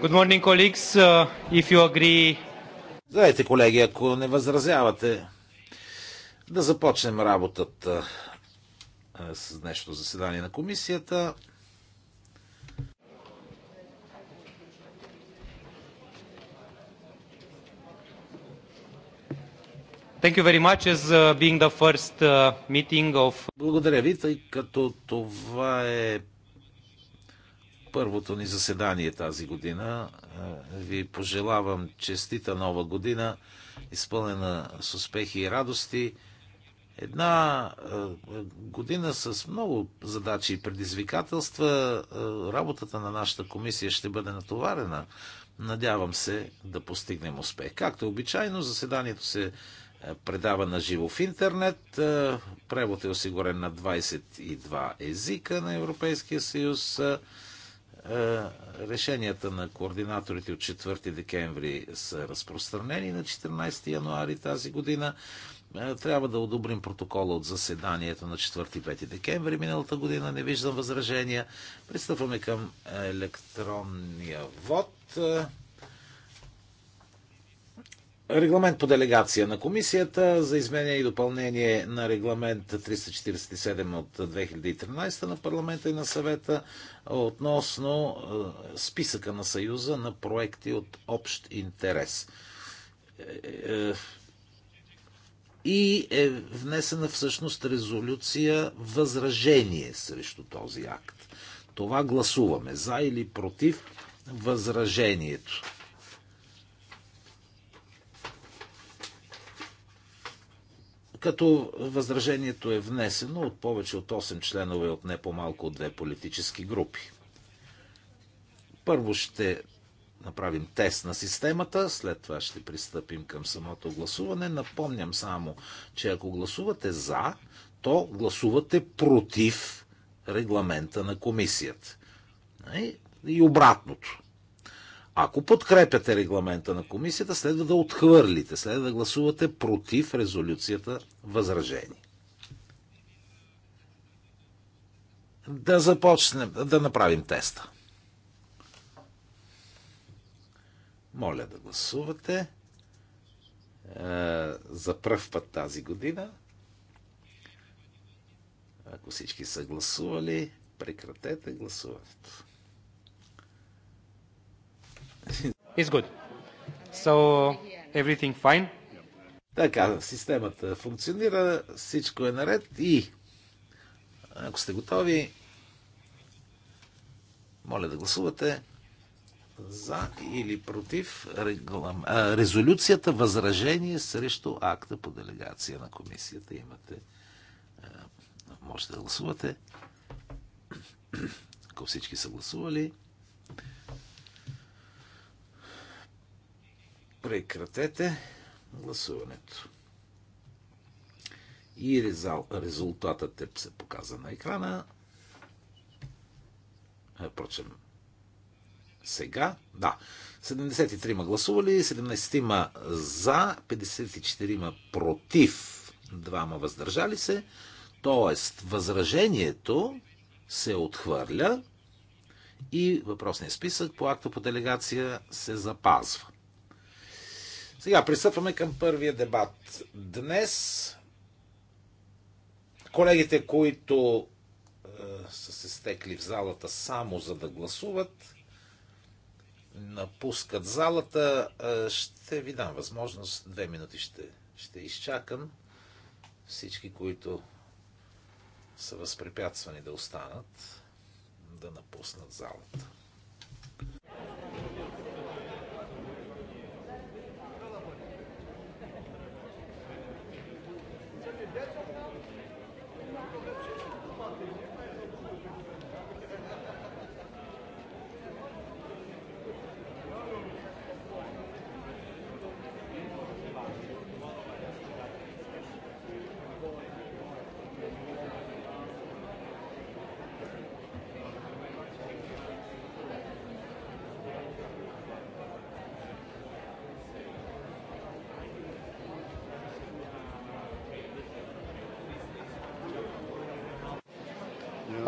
Good morning, colleagues. Uh, if you agree... Здравейте, колеги, ако не възразявате, да започнем работата с днешното заседание на комисията. Thank you very much as uh, being the first uh, meeting of... Благодаря ви, тъй като това е първото ни заседание тази година. Е, ви пожелавам честита нова година, изпълнена с успехи и радости. Една е, година с много задачи и предизвикателства. Е, работата на нашата комисия ще бъде натоварена. Надявам се да постигнем успех. Както обичайно, заседанието се предава на живо в интернет. Е, превод е осигурен на 22 езика на Европейския съюз. Е, е, решенията на координаторите от 4 декември са разпространени на 14 януари тази година. Трябва да одобрим протокола от заседанието на 4-5 декември миналата година. Не виждам възражения. Пристъпваме към електронния вод. Регламент по делегация на комисията за изменение и допълнение на регламент 347 от 2013 на парламента и на съвета относно е, списъка на Съюза на проекти от общ интерес. Е, е, и е внесена всъщност резолюция възражение срещу този акт. Това гласуваме за или против възражението като възражението е внесено от повече от 8 членове от не по-малко от две политически групи. Първо ще направим тест на системата, след това ще пристъпим към самото гласуване. Напомням само, че ако гласувате за, то гласувате против регламента на комисията. И обратното. Ако подкрепяте регламента на комисията, следва да отхвърлите, следва да гласувате против резолюцията възражение. Да започнем, да направим теста. Моля да гласувате. Е, за пръв път тази година. Ако всички са гласували, прекратете гласуването. It's good. So, everything fine? Така, системата функционира, всичко е наред и ако сте готови, моля да гласувате за или против реглам... а, резолюцията възражение срещу акта по делегация на комисията. Имате. А, можете да гласувате. Ако всички са гласували, Прекратете гласуването. И резултатът е се показа на екрана. Е, впрочем, сега. Да. 73-ма гласували, 17-ма за, 54-ма против, 2-ма въздържали се. Тоест, възражението се отхвърля и въпросният списък по акта по делегация се запазва. Сега пристъпваме към първия дебат. Днес колегите, които е, са се стекли в залата само за да гласуват, напускат залата, е, ще ви дам възможност. Две минути ще, ще изчакам всички, които са възпрепятствани да останат, да напуснат залата.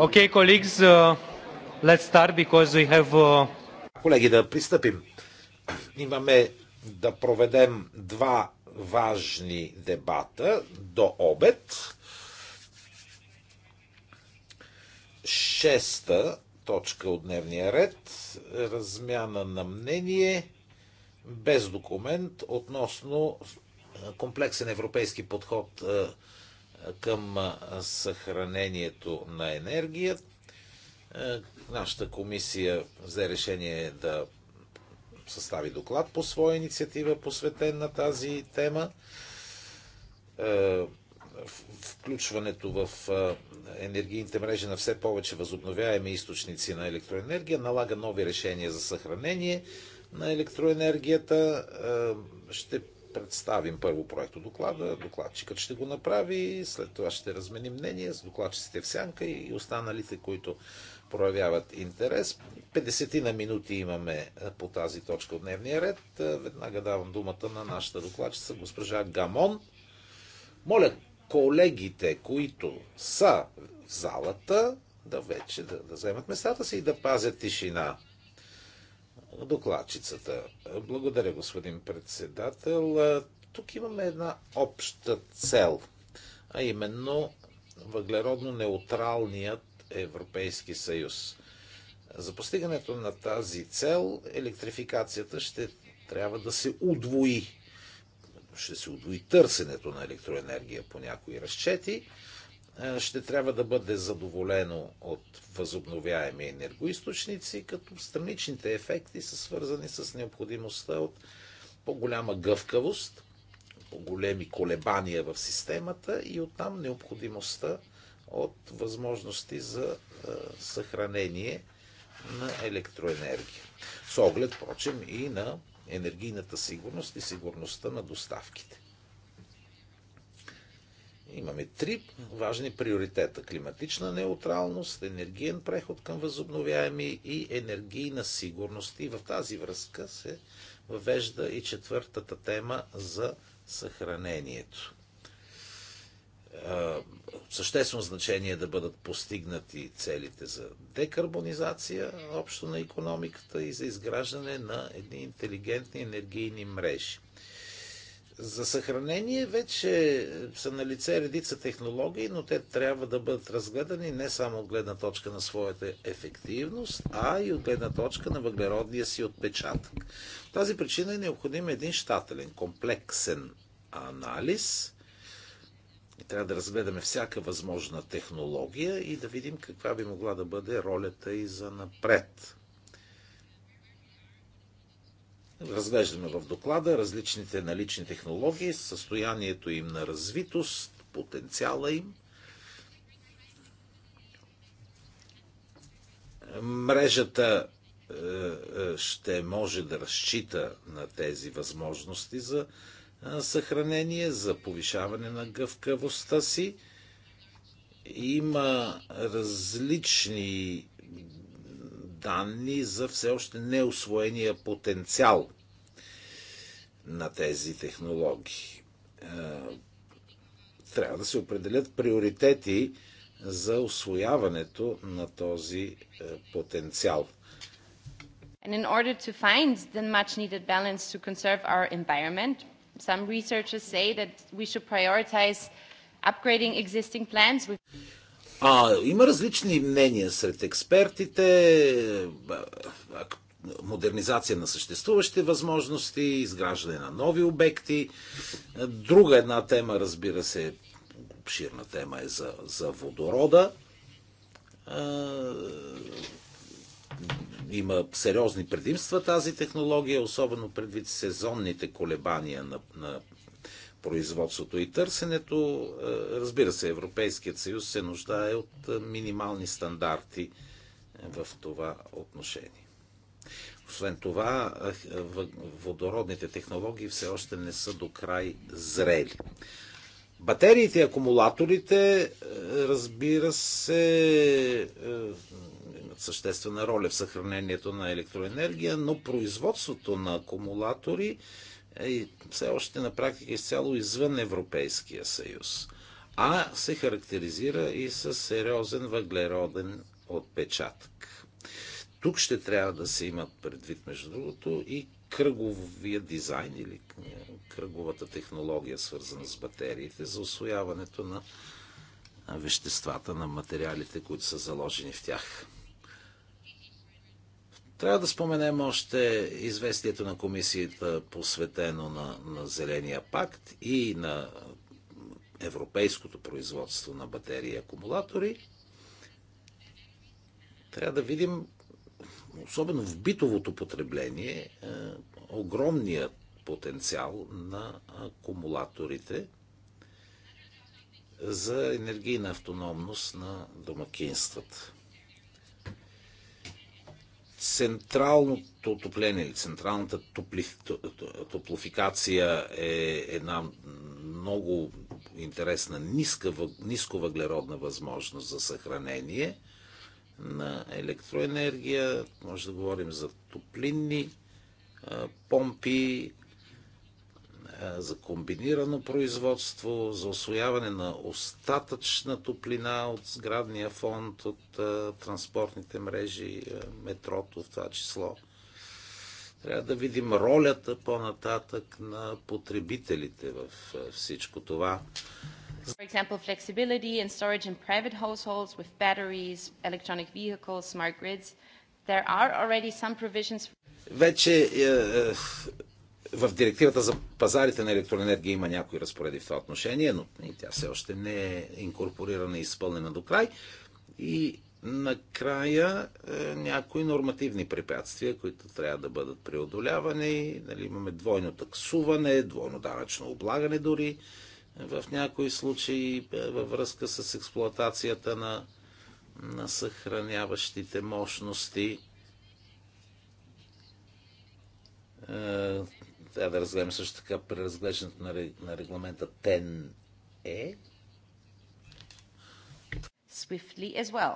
Okay, colleagues, uh, let's start because we have... Uh... Колеги, да пристъпим. Имаме да проведем два важни дебата до обед. Шеста точка от дневния ред. Размяна на мнение без документ относно комплексен европейски подход uh, към съхранението на енергия. Нашата комисия взе решение да състави доклад по своя инициатива, посветен на тази тема. Включването в енергийните мрежи на все повече възобновяеми източници на електроенергия налага нови решения за съхранение на електроенергията. Ще представим първо проекто доклада, докладчикът ще го направи, след това ще разменим мнение с докладчиците в сянка и останалите, които проявяват интерес. 50 на минути имаме по тази точка от дневния ред. Веднага давам думата на нашата докладчица, госпожа Гамон. Моля колегите, които са в залата, да вече да, да вземат местата си и да пазят тишина докладчицата. Благодаря, господин председател. Тук имаме една обща цел, а именно въглеродно-неутралният Европейски съюз. За постигането на тази цел електрификацията ще трябва да се удвои. Ще се удвои търсенето на електроенергия по някои разчети е, ще трябва да бъде задоволено от възобновяеми енергоисточници, като страничните ефекти са свързани с необходимостта от по-голяма гъвкавост, по-големи колебания в системата и оттам необходимостта от възможности за е, съхранение на електроенергия. С оглед, впрочем, и на енергийната сигурност и сигурността на доставките. Имаме три важни приоритета. Климатична неутралност, енергиен преход към възобновяеми и енергийна сигурност. И в тази връзка се въвежда и четвъртата тема за съхранението. Съществено значение е да бъдат постигнати целите за декарбонизация общо на економиката и за изграждане на едни интелигентни енергийни мрежи. За съхранение вече са на лице редица технологии, но те трябва да бъдат разгледани не само от гледна точка на своята ефективност, а и от гледна точка на въглеродния си отпечатък. Тази причина е необходим един щателен, комплексен анализ. И трябва да разгледаме всяка възможна технология и да видим каква би могла да бъде ролята и за напред. Разглеждаме в доклада различните налични технологии, състоянието им на развитост, потенциала им. Мрежата е, е, ще може да разчита на тези възможности за е, съхранение, за повишаване на гъвкавостта си. Има различни данни за все още неосвоения потенциал на тези технологии. Трябва да се определят приоритети за освояването на този потенциал. And in order to find the much needed balance to conserve our environment, some researchers say that we should prioritize upgrading existing plants with а, има различни мнения сред експертите модернизация на съществуващите възможности, изграждане на нови обекти. Друга една тема, разбира се, обширна тема е за, за водорода. Има сериозни предимства тази технология, особено предвид сезонните колебания на, на производството и търсенето. Разбира се, Европейският съюз се нуждае от минимални стандарти в това отношение. Освен това, водородните технологии все още не са до край зрели. Батериите и акумулаторите, е, разбира се, е, имат съществена роля в съхранението на електроенергия, но производството на акумулатори е все още на практика изцяло извън Европейския съюз. А се характеризира и с сериозен въглероден отпечатък. Тук ще трябва да се имат предвид, между другото, и кръговия дизайн или кръговата технология, свързана с батериите, за освояването на веществата, на материалите, които са заложени в тях. Трябва да споменем още известието на комисията, посветено на, на Зеления пакт и на европейското производство на батерии и акумулатори. Трябва да видим особено в битовото потребление, е, огромният потенциал на акумулаторите за енергийна автономност на домакинствата. Централното отопление или централната топлофикация е една много интересна ниска, нисковъглеродна възможност за съхранение на електроенергия, може да говорим за топлинни помпи, за комбинирано производство, за освояване на остатъчна топлина от сградния фонд, от транспортните мрежи, метрото в това число. Трябва да видим ролята по-нататък на потребителите в всичко това. For example, flexibility storage in private households with batteries, electronic vehicles, smart grids. There are already some provisions. Вече е, е, в директивата за пазарите на електроенергия има някои разпореди в това отношение, но тя все още не е инкорпорирана и изпълнена до край. И накрая е, някои нормативни препятствия, които трябва да бъдат преодолявани. Нали, имаме двойно таксуване, двойно данъчно облагане дори в някои случаи е, във връзка с експлоатацията на, на съхраняващите мощности. Е, трябва да разгледам също така преразглеждането на, на регламента ТЕН-Е. Swiftly as well.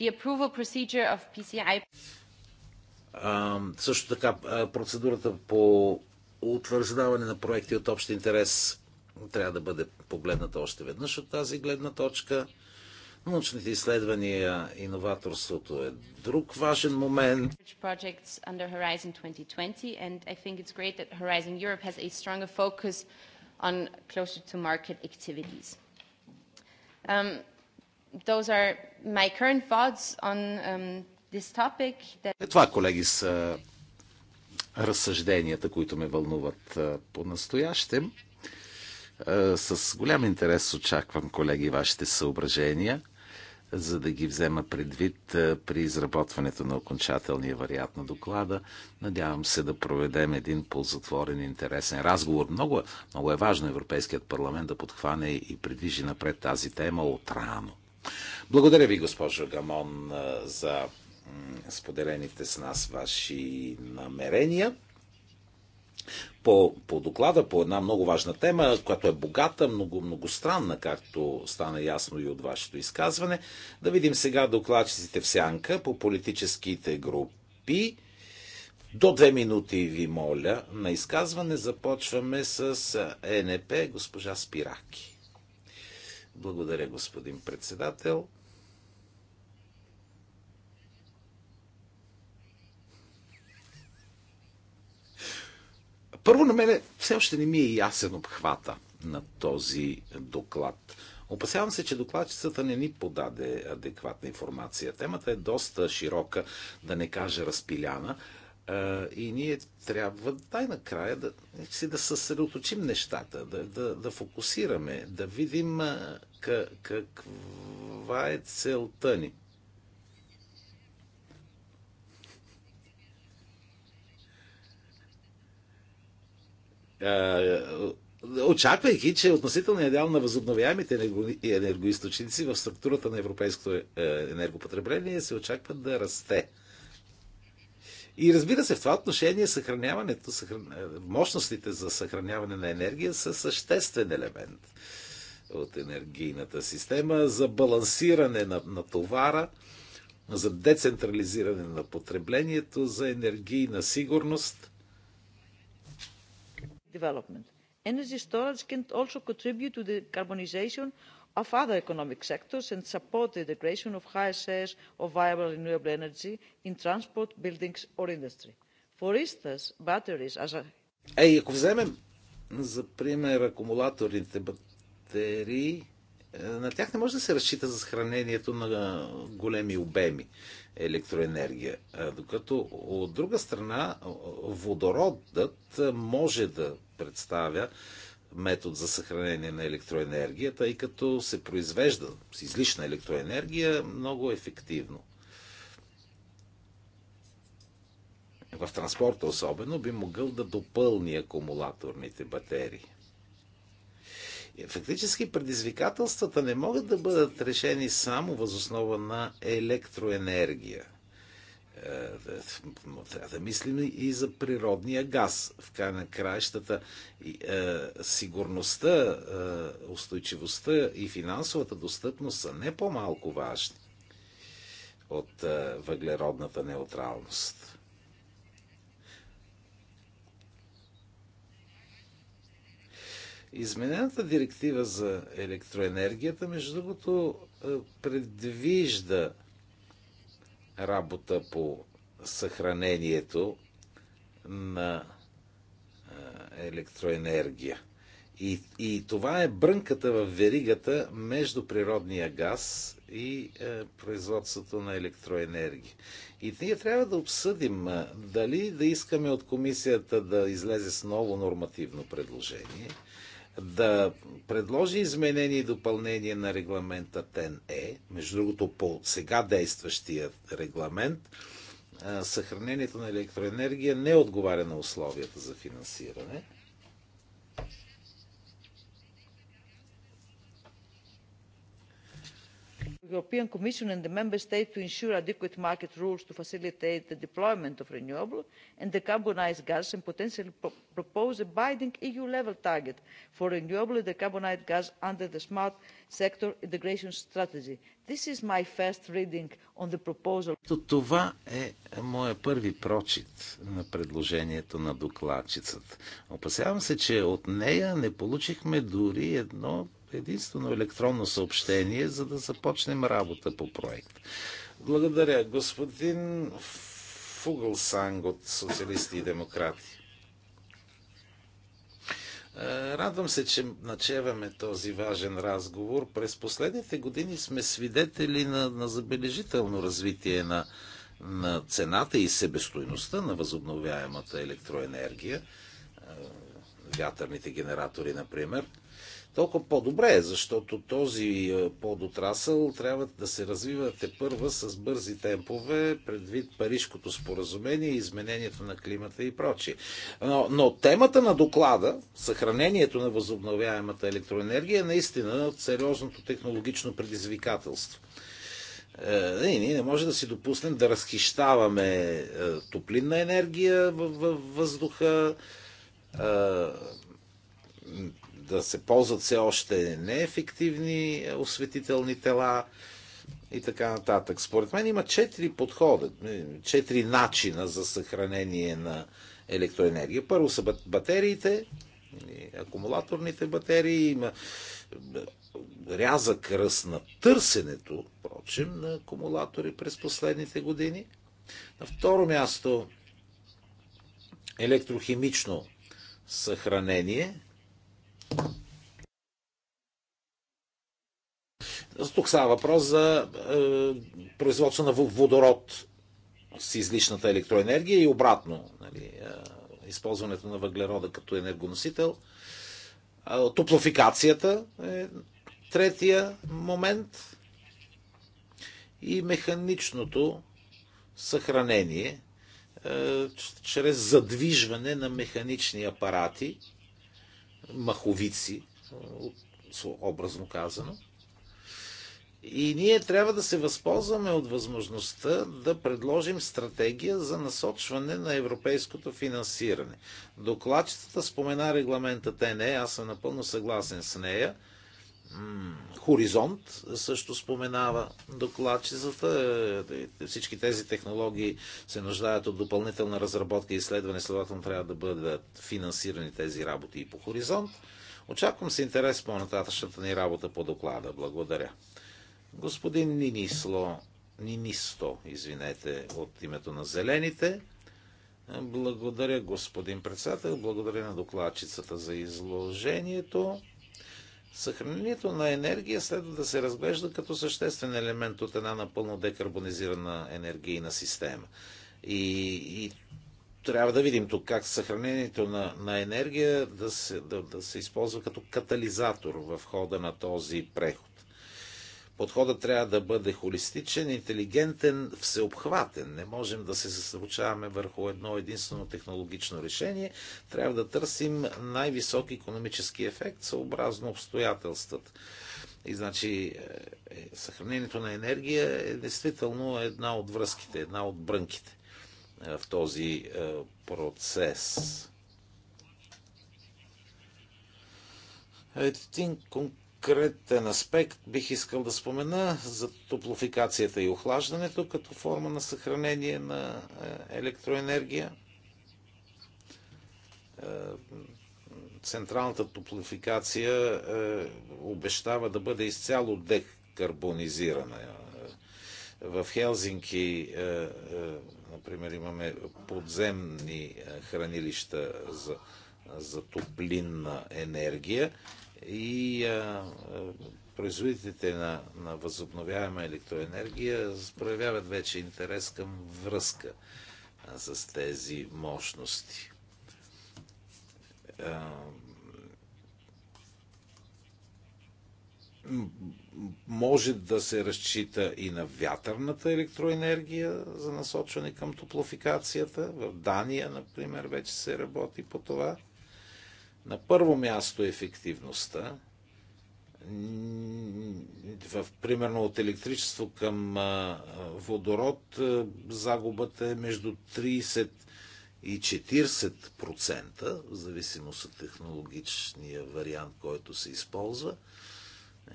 The approval procedure of PCI... също така процедурата по утвърждаване на проекти от общ интерес трябва да бъде погледната още веднъж от тази гледна точка. Научните изследвания, и иноваторството е друг важен момент. Um, those are my current thoughts on um, this topic. That... Е това, колеги, са разсъжденията, които ме вълнуват по-настоящем. Е, с голям интерес очаквам, колеги, вашите съображения, за да ги взема предвид е, при изработването на окончателния вариант на доклада. Надявам се да проведем един ползотворен, интересен разговор. Много, много е важно Европейският парламент да подхване и предвижи напред тази тема отрано. Благодаря ви, госпожо Гамон, е, за споделените с нас ваши намерения по, по доклада, по една много важна тема, която е богата, много, странна, както стана ясно и от вашето изказване. Да видим сега докладчиците в сянка по политическите групи. До две минути ви моля на изказване. Започваме с ЕНП, госпожа Спираки. Благодаря, господин председател. Първо на мене все още не ми е ясен обхвата на този доклад. Опасявам се, че докладчицата не ни подаде адекватна информация. Темата е доста широка, да не кажа разпиляна. Е, и ние трябва дай накрая да, си да съсредоточим нещата, да, да, да фокусираме, да видим е, каква е целта ни. Е, очаквайки, че относителният дял на възобновяемите енергоисточници в структурата на европейското е, енергопотребление се очаква да расте. И разбира се, в това отношение съхраняването, съхран... Е, мощностите за съхраняване на енергия са съществен елемент от енергийната система за балансиране на, на товара, за децентрализиране на потреблението, за енергийна сигурност – development. energy storage can also contribute to the decarbonisation of other economic sectors and support the integration of higher shares of viable renewable energy in transport buildings or industry. For instance, batteries as a... Ей, ако вземем за пример акумулаторните батерии, е, на тях не може да се разчита за съхранението на големи обеми електроенергия. Е, докато от друга страна водородът може да представя метод за съхранение на електроенергията, тъй като се произвежда с излишна електроенергия много ефективно. В транспорта особено би могъл да допълни акумулаторните батерии. Фактически предизвикателствата не могат да бъдат решени само възоснова на електроенергия. Е, трябва да мислим и за природния газ. В край на краищата е, сигурността, е, устойчивостта и финансовата достъпност са не по-малко важни от въглеродната неутралност. Изменената директива за електроенергията, между другото, е, предвижда работа по съхранението на е, електроенергия. И, и това е брънката в веригата между природния газ и е, производството на електроенергия. И ние трябва да обсъдим е, дали да искаме от комисията да излезе с ново нормативно предложение – да предложи изменение и допълнение на регламента ТЕН-Е, между другото по сега действащия регламент, съхранението на електроенергия не отговаря на условията за финансиране – european commission and the member states to ensure adequate market rules to facilitate the deployment of renewable and decarbonised gas and potentially propose a binding eu level target for renewable and decarbonised gas under the smart sector integration strategy. this is my first reading on the proposal. Това е моят първи прочит на предложението на докладчицата. Опасявам се, че от нея не получихме дори едно единствено електронно съобщение, за да започнем работа по проект. Благодаря. Господин Фугълсанг от Социалисти и Демократи. Е, радвам се, че начеваме този важен разговор. През последните години сме свидетели на, на забележително развитие на, на цената и себестойността на възобновяемата електроенергия, е, вятърните генератори, например – толкова по-добре, е, защото този е, подотрасъл трябва да се развива те първа с бързи темпове, предвид Парижкото споразумение, изменението на климата и прочие. Но, но темата на доклада, съхранението на възобновяемата електроенергия, е наистина сериозното технологично предизвикателство. Е, ние не може да си допуснем да разхищаваме е, топлинна енергия във въздуха, да се ползват все още неефективни е, осветителни тела и така нататък. Според мен има четири подхода, четири начина за съхранение на електроенергия. Първо са батериите, акумулаторните батерии, има рязък ръст на търсенето, впрочем, на акумулатори през последните години. На второ място електрохимично съхранение, тук става въпрос за е, производство на водород с излишната електроенергия и обратно. Нали, е, използването на въглерода като енергоносител. Е, топлофикацията е третия момент. И механичното съхранение е, чрез задвижване на механични апарати маховици, образно казано. И ние трябва да се възползваме от възможността да предложим стратегия за насочване на европейското финансиране. Докладчетата спомена регламента ТНЕ, аз съм напълно съгласен с нея – Хоризонт също споменава докладчицата. Е, е, всички тези технологии се нуждаят от допълнителна разработка и изследване, следователно трябва да бъдат финансирани тези работи и по Хоризонт. Очаквам с интерес по-нататъчната ни работа по доклада. Благодаря. Господин Нинисло, Нинисто, извинете, от името на Зелените. Е, благодаря, господин председател. Благодаря на докладчицата за изложението Съхранението на енергия следва да се разглежда като съществен елемент от една напълно декарбонизирана енергийна система. И, и трябва да видим тук как съхранението на, на енергия да се, да, да се използва като катализатор в хода на този преход. Подходът трябва да бъде холистичен, интелигентен, всеобхватен. Не можем да се съсредоточаваме върху едно единствено технологично решение. Трябва да търсим най-висок економически ефект съобразно обстоятелствата. И значи е, е, съхранението на енергия е действително една от връзките, една от брънките е, в този процес. I think, конкретен аспект бих искал да спомена за топлофикацията и охлаждането като форма на съхранение на е, електроенергия. Е, централната топлофикация е, обещава да бъде изцяло декарбонизирана. В Хелзинки, например, имаме подземни хранилища за, за топлинна енергия и а, производителите на, на възобновяема електроенергия проявяват вече интерес към връзка а, с тези мощности. А, може да се разчита и на вятърната електроенергия за насочване към топлофикацията. В Дания, например, вече се работи по това. На първо място е ефективността. В, примерно от електричество към водород загубата е между 30 и 40%, в зависимост от технологичния вариант, който се използва.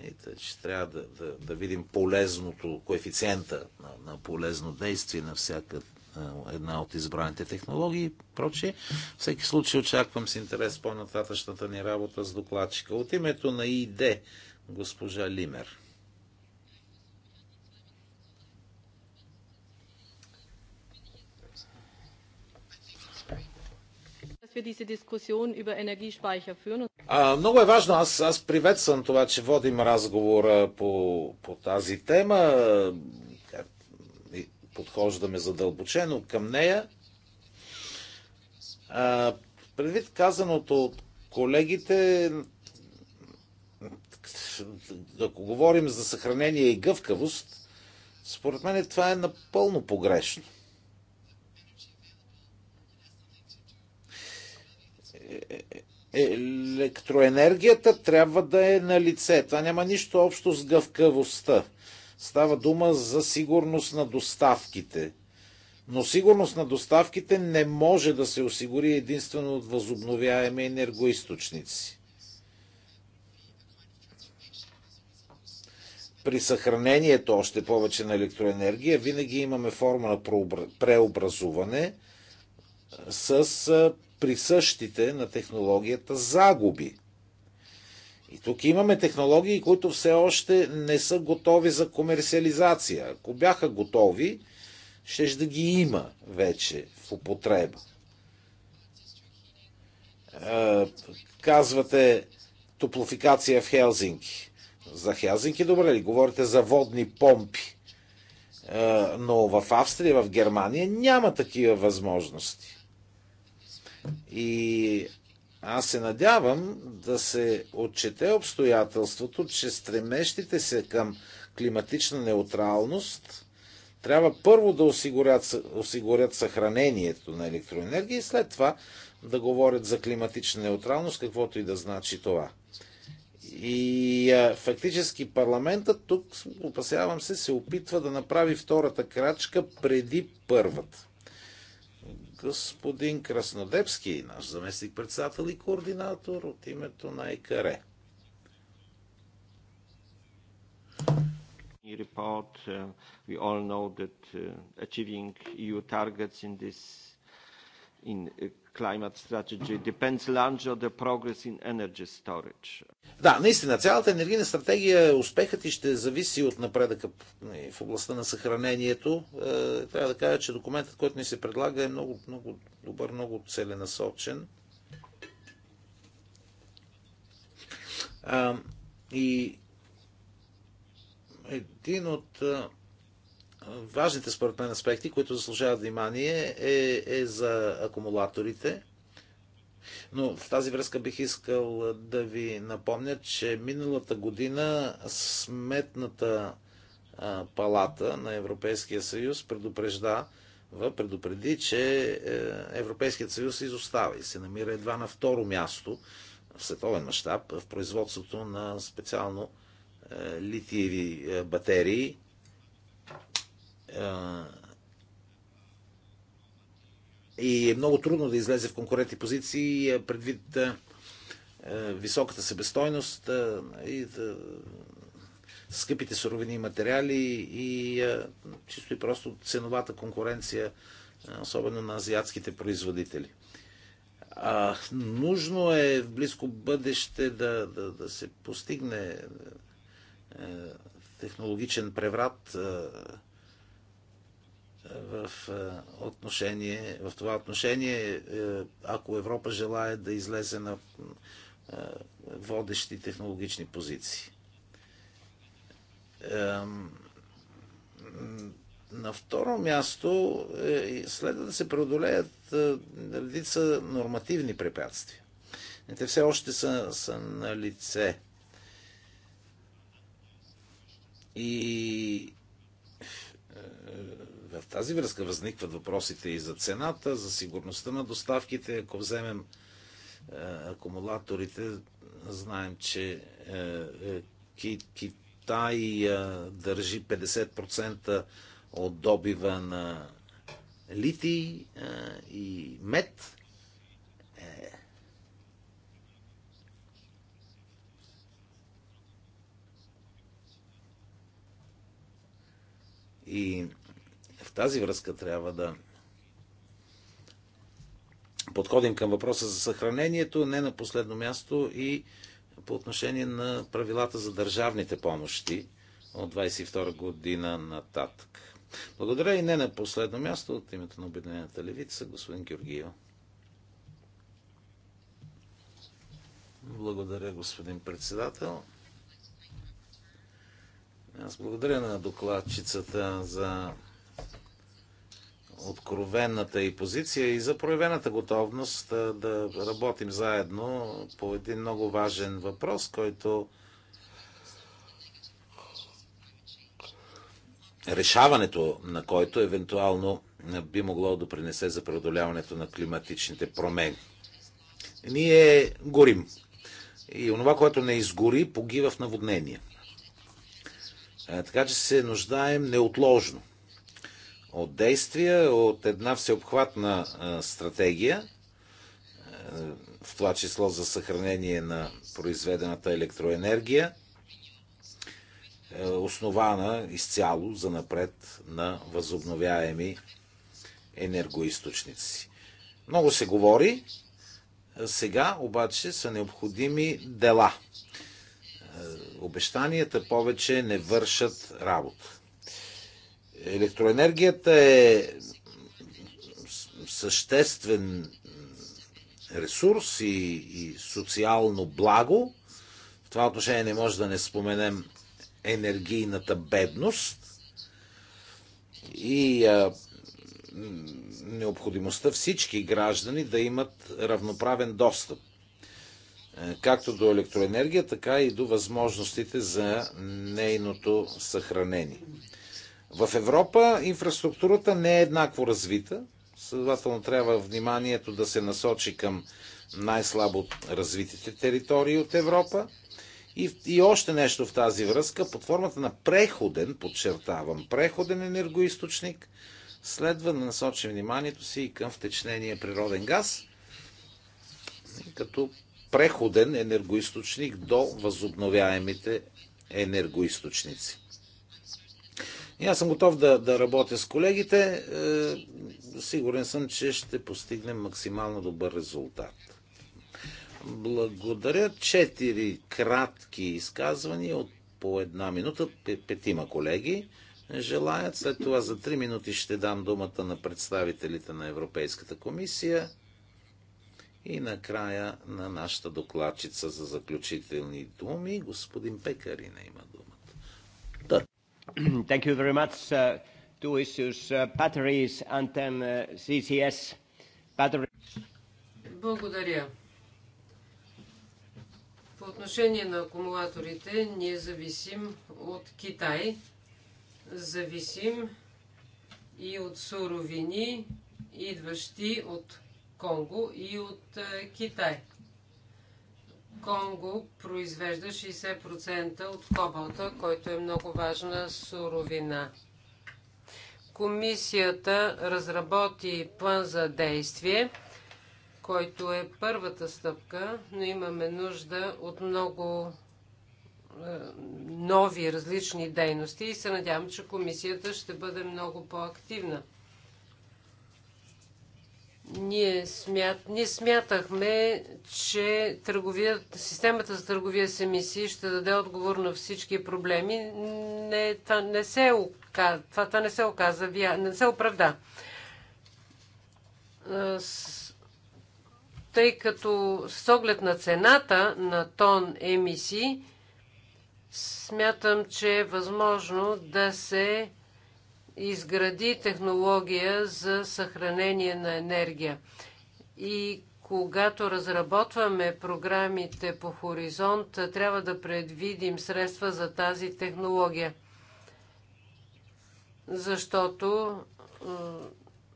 И че трябва да, да, да видим полезното, коефициента на, на полезно действие на всяка е, една от избраните технологии и прочие. Всеки случай очаквам с интерес по-нататъчната ни работа с докладчика. От името на ИД, госпожа Лимер. А, много е важно. Аз, аз приветствам това, че водим разговора по, по тази тема подхождаме задълбочено към нея. А, предвид казаното от колегите, ако говорим за съхранение и гъвкавост, според мен това е напълно погрешно. Е, е, електроенергията трябва да е на лице. Това няма нищо общо с гъвкавостта. Става дума за сигурност на доставките. Но сигурност на доставките не може да се осигури единствено от възобновяеми енергоисточници. При съхранението още повече на електроенергия винаги имаме форма на преобразуване с присъщите на технологията загуби. И тук имаме технологии, които все още не са готови за комерциализация. Ако бяха готови, ще да ги има вече в употреба. Е, казвате топлофикация в Хелзинки. За Хелзинки добре ли? Говорите за водни помпи. Е, но в Австрия, в Германия няма такива възможности. И аз се надявам да се отчете обстоятелството, че стремещите се към климатична неутралност трябва първо да осигурят, осигурят съхранението на електроенергия и след това да говорят за климатична неутралност, каквото и да значи това. И а, фактически парламентът тук, опасявам се, се опитва да направи втората крачка преди първата господин Краснодепски, наш заместник-председател и координатор от името на ЕКАРЕ. report uh, е, we all know that uh, achieving eu targets in this in uh, Climate Strategy depends largely on the progress in energy storage. Да, наистина, цялата енергийна стратегия, е успехът и ще зависи от напредъка нали, в областта на съхранението. Е, трябва да кажа, че документът, който ни се предлага е много, много добър, много целенасочен. И един от важните според мен аспекти, които заслужават внимание, е, е за акумулаторите. Но в тази връзка бих искал да ви напомня, че миналата година сметната палата на Европейския съюз предупрежда, предупреди, че е, Европейският съюз изостава и се намира едва на второ място в световен мащаб в производството на специално е, литиеви е, батерии и е много трудно да излезе в конкурентни позиции предвид високата себестойност и скъпите суровини и материали и чисто и просто ценовата конкуренция, особено на азиатските производители. А, нужно е в близко бъдеще да, да, да се постигне е, технологичен преврат в, е, отношение, в това отношение, е, ако Европа желая да излезе на е, водещи технологични позиции. На второ място следва да се преодолеят редица нормативни препятствия. Те все още са, са на лице. И в тази връзка възникват въпросите и за цената, за сигурността на доставките. Ако вземем е, акумулаторите, знаем, че е, е, Китай държи 50% от добива на литий и мед. И тази връзка трябва да подходим към въпроса за съхранението, не на последно място и по отношение на правилата за държавните помощи от 22 година нататък. Благодаря и не на последно място от името на Обединената левица, господин Георгиев. Благодаря, господин председател. Аз благодаря на докладчицата за откровената и позиция и за проявената готовност да работим заедно по един много важен въпрос, който решаването на който евентуално би могло да принесе за преодоляването на климатичните промени. Ние горим. И онова, което не изгори, погива в наводнение. Така че се нуждаем неотложно от действия, от една всеобхватна стратегия, в това число за съхранение на произведената електроенергия, основана изцяло за напред на възобновяеми енергоисточници. Много се говори, сега обаче са необходими дела. Обещанията повече не вършат работа. Електроенергията е съществен ресурс и, и социално благо. В това отношение не може да не споменем енергийната бедност и а, необходимостта всички граждани да имат равноправен достъп е, както до електроенергия, така и до възможностите за нейното съхранение. В Европа инфраструктурата не е еднакво развита, следователно трябва вниманието да се насочи към най-слабо развитите територии от Европа. И, и още нещо в тази връзка, под формата на преходен, подчертавам, преходен енергоисточник, следва да насочи вниманието си и към втечнение природен газ, като преходен енергоисточник до възобновяемите енергоисточници. И аз съм готов да, да работя с колегите. Е, сигурен съм, че ще постигнем максимално добър резултат. Благодаря. Четири кратки изказвания от по една минута. Петима колеги желаят. След това за три минути ще дам думата на представителите на Европейската комисия и накрая на нашата докладчица за заключителни думи. Господин Пекарина има Thank you very much. Uh, two issues, uh, batteries and then uh, CCS. Battery... Благодаря. По отношение на акумулаторите, ние зависим от Китай, зависим и от суровини, идващи от Конго и от е, Китай. Конго произвежда 60% от кобалта, който е много важна суровина. Комисията разработи план за действие, който е първата стъпка, но имаме нужда от много е, нови различни дейности и се надявам, че комисията ще бъде много по-активна. Ние, смят, ние смятахме, че търговия, системата за търговия с емисии ще даде отговор на всички проблеми. Не, това, не се, оказа, това, това не се оказа, не се оправда. Тъй като с оглед на цената на тон емисии, смятам, че е възможно да се изгради технология за съхранение на енергия. И когато разработваме програмите по Хоризонт, трябва да предвидим средства за тази технология. Защото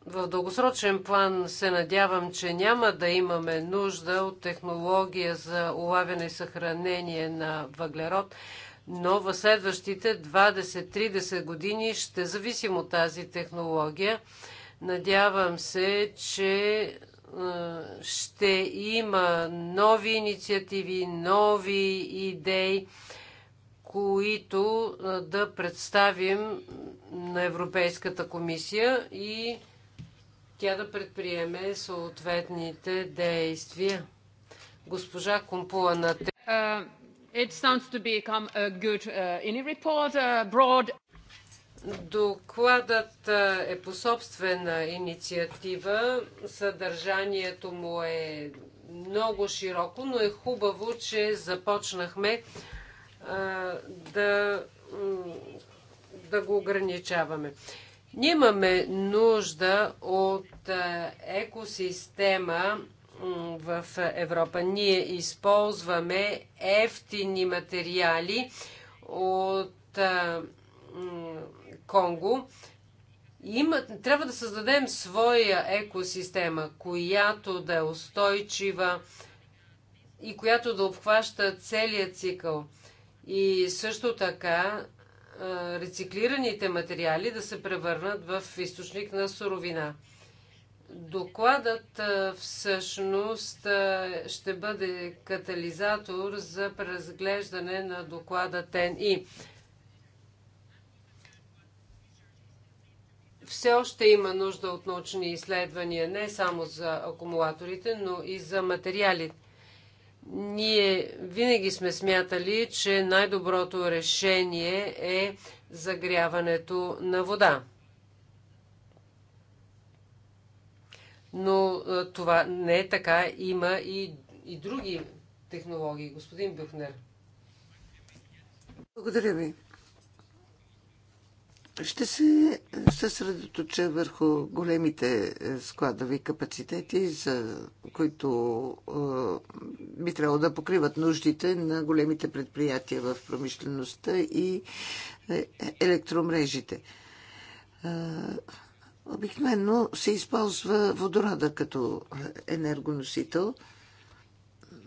в дългосрочен план се надявам, че няма да имаме нужда от технология за улавяне и съхранение на въглерод, но в следващите 20-30 години ще зависим от тази технология. Надявам се, че ще има нови инициативи, нови идеи, които да представим на Европейската комисия и тя да предприеме съответните действия. Госпожа Компула на It sounds to become a good uh, any report, uh, Докладът е по собствена инициатива. Съдържанието му е много широко, но е хубаво, че започнахме а, да, да го ограничаваме. Нямаме нужда от екосистема, в Европа. Ние използваме ефтини материали от Конго. Има, трябва да създадем своя екосистема, която да е устойчива и която да обхваща целият цикъл. И също така рециклираните материали да се превърнат в източник на суровина. Докладът всъщност ще бъде катализатор за преразглеждане на доклада ТЕН-И. все още има нужда от научни изследвания не само за акумулаторите, но и за материали. Ние винаги сме смятали, че най-доброто решение е загряването на вода. но е, това не е така. Има и, и други технологии. Господин Бюхнер. Благодаря ви. Ще се съсредоточа върху големите е, складови капацитети, за които е, би трябвало да покриват нуждите на големите предприятия в промишлеността и електромрежите. Обикновено се използва водорода като е, енергоносител. Е,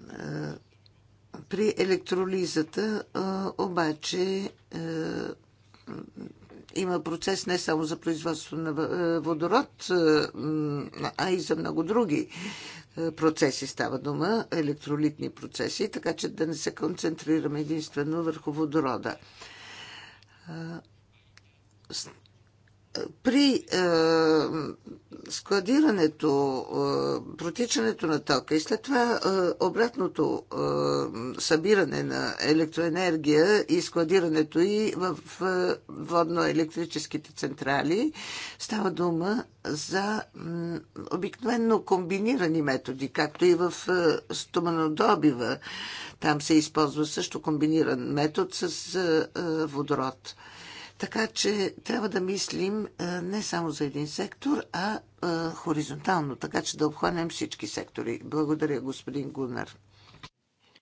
при електролизата е, обаче има процес не само за производство на водород, а и за много други процеси става дума, електролитни процеси, така че да не се концентрираме единствено върху водорода при е, складирането, е, протичането на тока и след това е, обратното събиране на електроенергия и складирането и в водно-електрическите централи, става дума за обикновенно комбинирани методи, както и в стоманодобива. Там се използва също комбиниран метод с водород. Така че трябва да мислим не само за един сектор, а хоризонтално, така че да обхванем всички сектори. Благодаря, господин Гунар.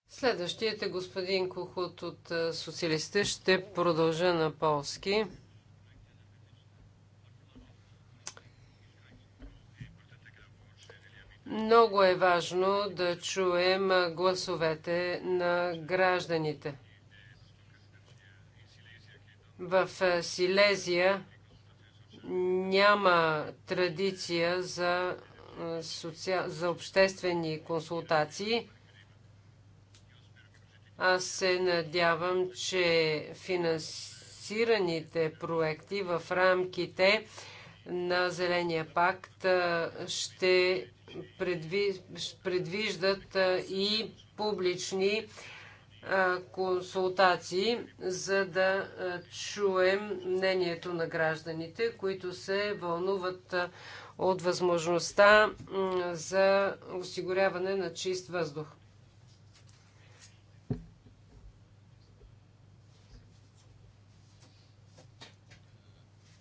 Следващият е господин Кухот от социалистите. Ще продължа на полски. Много е важно да чуем гласовете на гражданите. В е, Силезия няма традиция за, е, соци... за обществени консултации. Аз се надявам, че финансираните проекти в рамките на Зеления пакт е, ще предвиждат и публични консултации, за да чуем мнението на гражданите, които се вълнуват от възможността за осигуряване на чист въздух.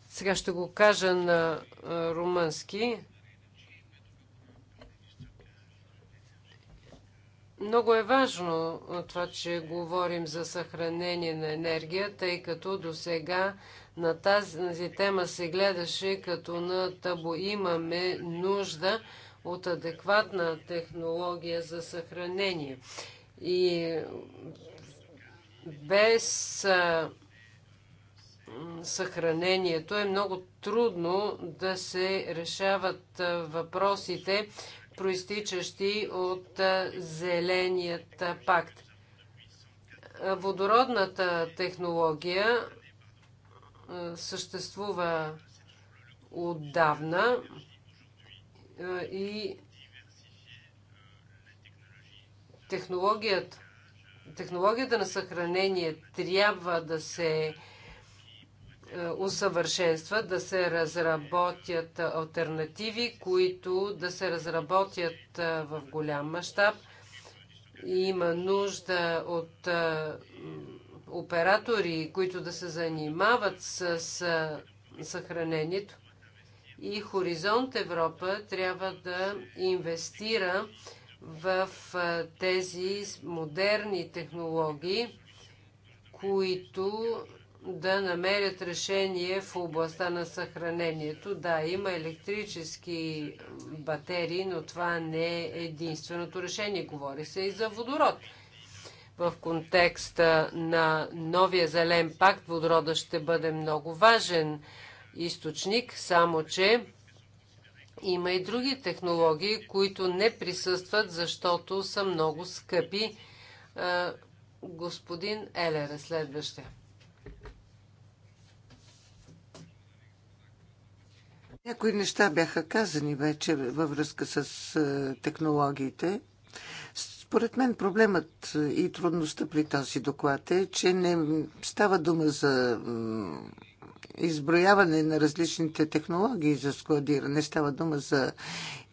Сега ще го кажа на румънски. Много е важно това, че говорим за съхранение на енергия, тъй като до сега на тази тема се гледаше като на табу. Имаме нужда от адекватна технология за съхранение. И без съхранението е много трудно да се решават въпросите, проистичащи от Зеленият пакт. Водородната технология съществува отдавна и технологията, технологията на съхранение трябва да се е, усъвършенства, да се разработят альтернативи, които да се разработят е, в голям мащаб. Има нужда от е, оператори, които да се занимават с съхранението. И Хоризонт Европа трябва да инвестира в тези модерни технологии, които да намерят решение в областта на съхранението. Да, има електрически батерии, но това не е единственото решение. Говори се и за водород. В контекста на новия зелен пакт водорода ще бъде много важен източник, само че има и други технологии, които не присъстват, защото са много скъпи. Господин Елер е следващия. Някои неща бяха казани вече във връзка с технологиите. Според мен проблемът и трудността при този доклад е, че не става дума за изброяване на различните технологии за складиране. Става дума за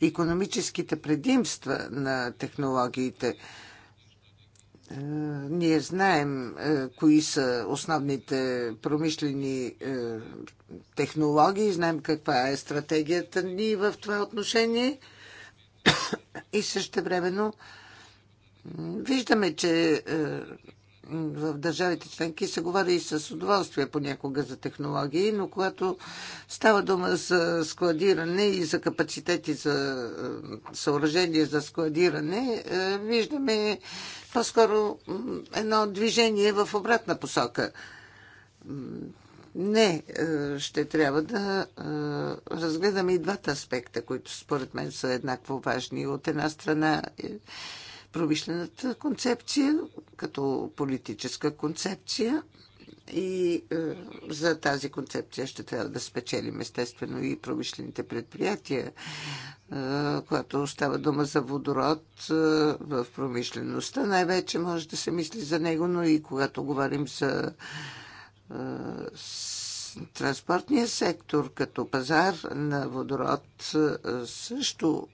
економическите предимства на технологиите. Е, ние знаем е, кои са основните промишлени е, технологии, знаем каква е стратегията ни в това отношение и също времено виждаме, че в държавите членки се говори и с удоволствие понякога за технологии, но когато става дума за складиране и за капацитети за съоръжение за складиране, виждаме по-скоро едно движение в обратна посока. Не, е, ще трябва да е, разгледаме и двата аспекта, които според мен са еднакво важни. От една страна е промишлената концепция, като политическа концепция, и е, за тази концепция ще трябва да спечелим естествено и промишлените предприятия, е, когато става дума за водород е, в промишлеността. Най-вече може да се мисли за него, но и когато говорим за е, Транспортният сектор като пазар на водород също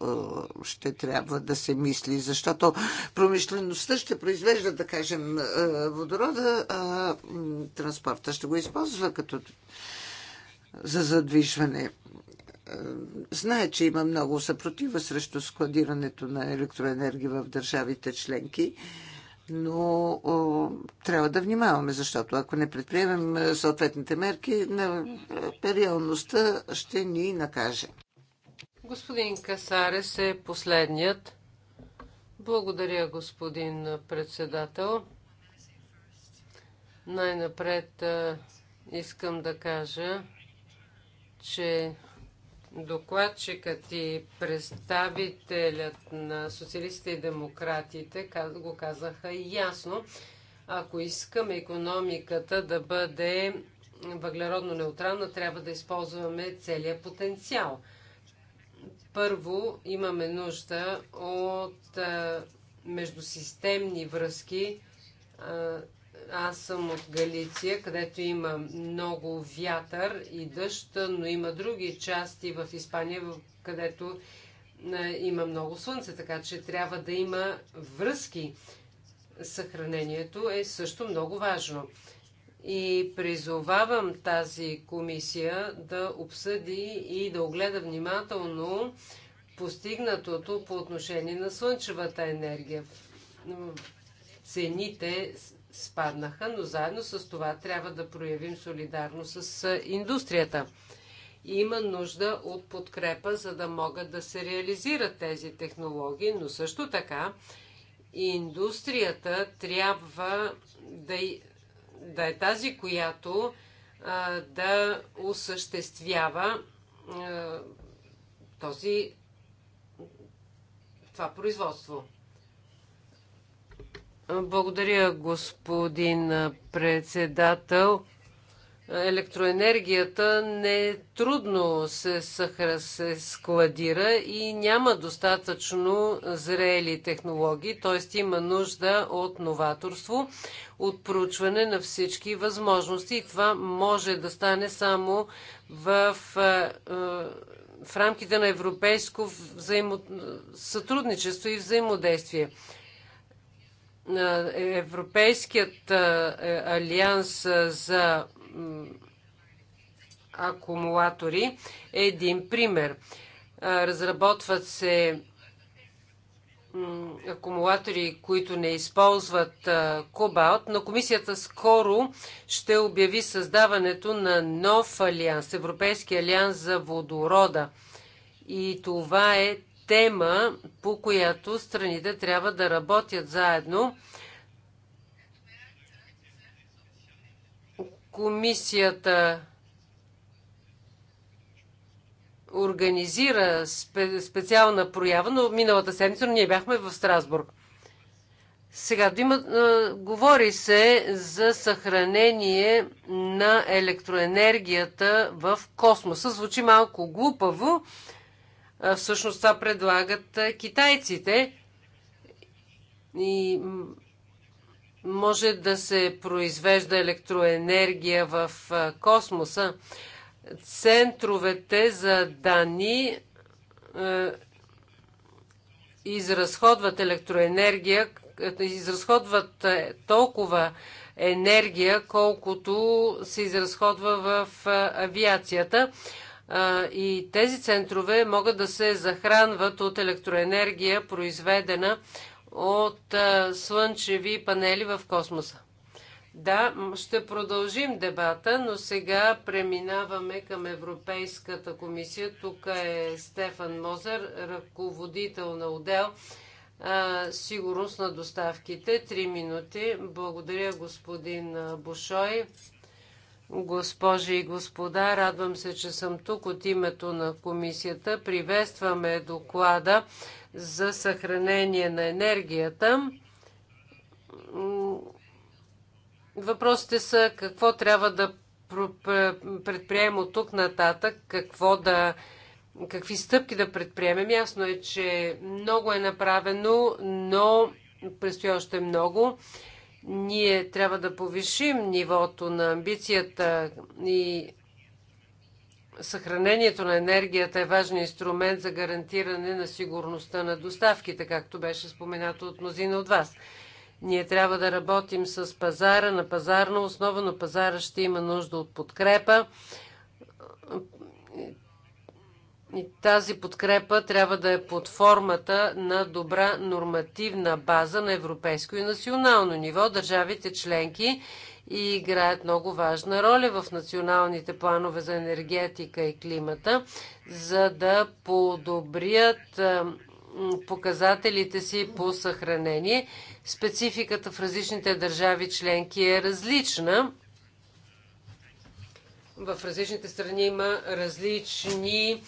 ще трябва да се мисли, защото промишлеността ще произвежда, да кажем, водорода, а транспорта ще го използва като за задвижване. Знае, че има много съпротива срещу складирането на електроенергия в държавите членки но о, трябва да внимаваме, защото ако не предприемем е, съответните мерки, на е, реалността ще ни накаже. Господин Касарес е последният. Благодаря, господин председател. Най-напред е, искам да кажа, че докладчикът и представителят на социалистите и демократите го казаха ясно. Ако искаме економиката да бъде въглеродно неутрална, трябва да използваме целият потенциал. Първо, имаме нужда от междусистемни връзки аз съм от Галиция, където има много вятър и дъжд, но има други части в Испания, където има много слънце, така че трябва да има връзки. Съхранението е също много важно. И призовавам тази комисия да обсъди и да огледа внимателно постигнатото по отношение на слънчевата енергия. Цените спаднаха, но заедно с това трябва да проявим солидарност с индустрията. Има нужда от подкрепа, за да могат да се реализират тези технологии, но също така индустрията трябва да, да е тази, която а, да осъществява а, този, това производство. Благодаря, господин председател. Електроенергията не е трудно се, съхра, се складира и няма достатъчно зрели технологии, т.е. има нужда от новаторство, от проучване на всички възможности и това може да стане само в, в рамките на европейско взаимо... сътрудничество и взаимодействие. Европейският е, алианс за акумулатори е един пример. Разработват се акумулатори, които не използват кобалт, но комисията скоро ще обяви създаването на нов алианс, Европейски алианс за водорода. И това е тема, по която страните трябва да работят заедно. Комисията организира специална проява, но миналата седмица ние бяхме в Страсбург. Сега, има, говори се за съхранение на електроенергията в космоса. Звучи малко глупаво, Всъщност това предлагат китайците. И може да се произвежда електроенергия в космоса. Центровете за данни изразходват електроенергия, изразходват толкова енергия, колкото се изразходва в авиацията и тези центрове могат да се захранват от електроенергия, произведена от слънчеви панели в космоса. Да, ще продължим дебата, но сега преминаваме към Европейската комисия. Тук е Стефан Мозер, ръководител на отдел сигурност на доставките. Три минути. Благодаря, господин Бушой. Госпожи и господа, радвам се, че съм тук от името на комисията. Приветстваме доклада за съхранение на енергията. Въпросите са какво трябва да предприемем от тук нататък, какво да, какви стъпки да предприемем. Ясно е, че много е направено, но предстои още много. Ние трябва да повишим нивото на амбицията и съхранението на енергията е важен инструмент за гарантиране на сигурността на доставките, както беше споменато от мнозина от вас. Ние трябва да работим с пазара на пазарна основа, но пазара ще има нужда от подкрепа и тази подкрепа трябва да е под формата на добра нормативна база на европейско и национално ниво. Държавите членки и играят много важна роля в националните планове за енергетика и климата, за да подобрят е, показателите си по съхранение. Спецификата в различните държави членки е различна. В различните страни има различни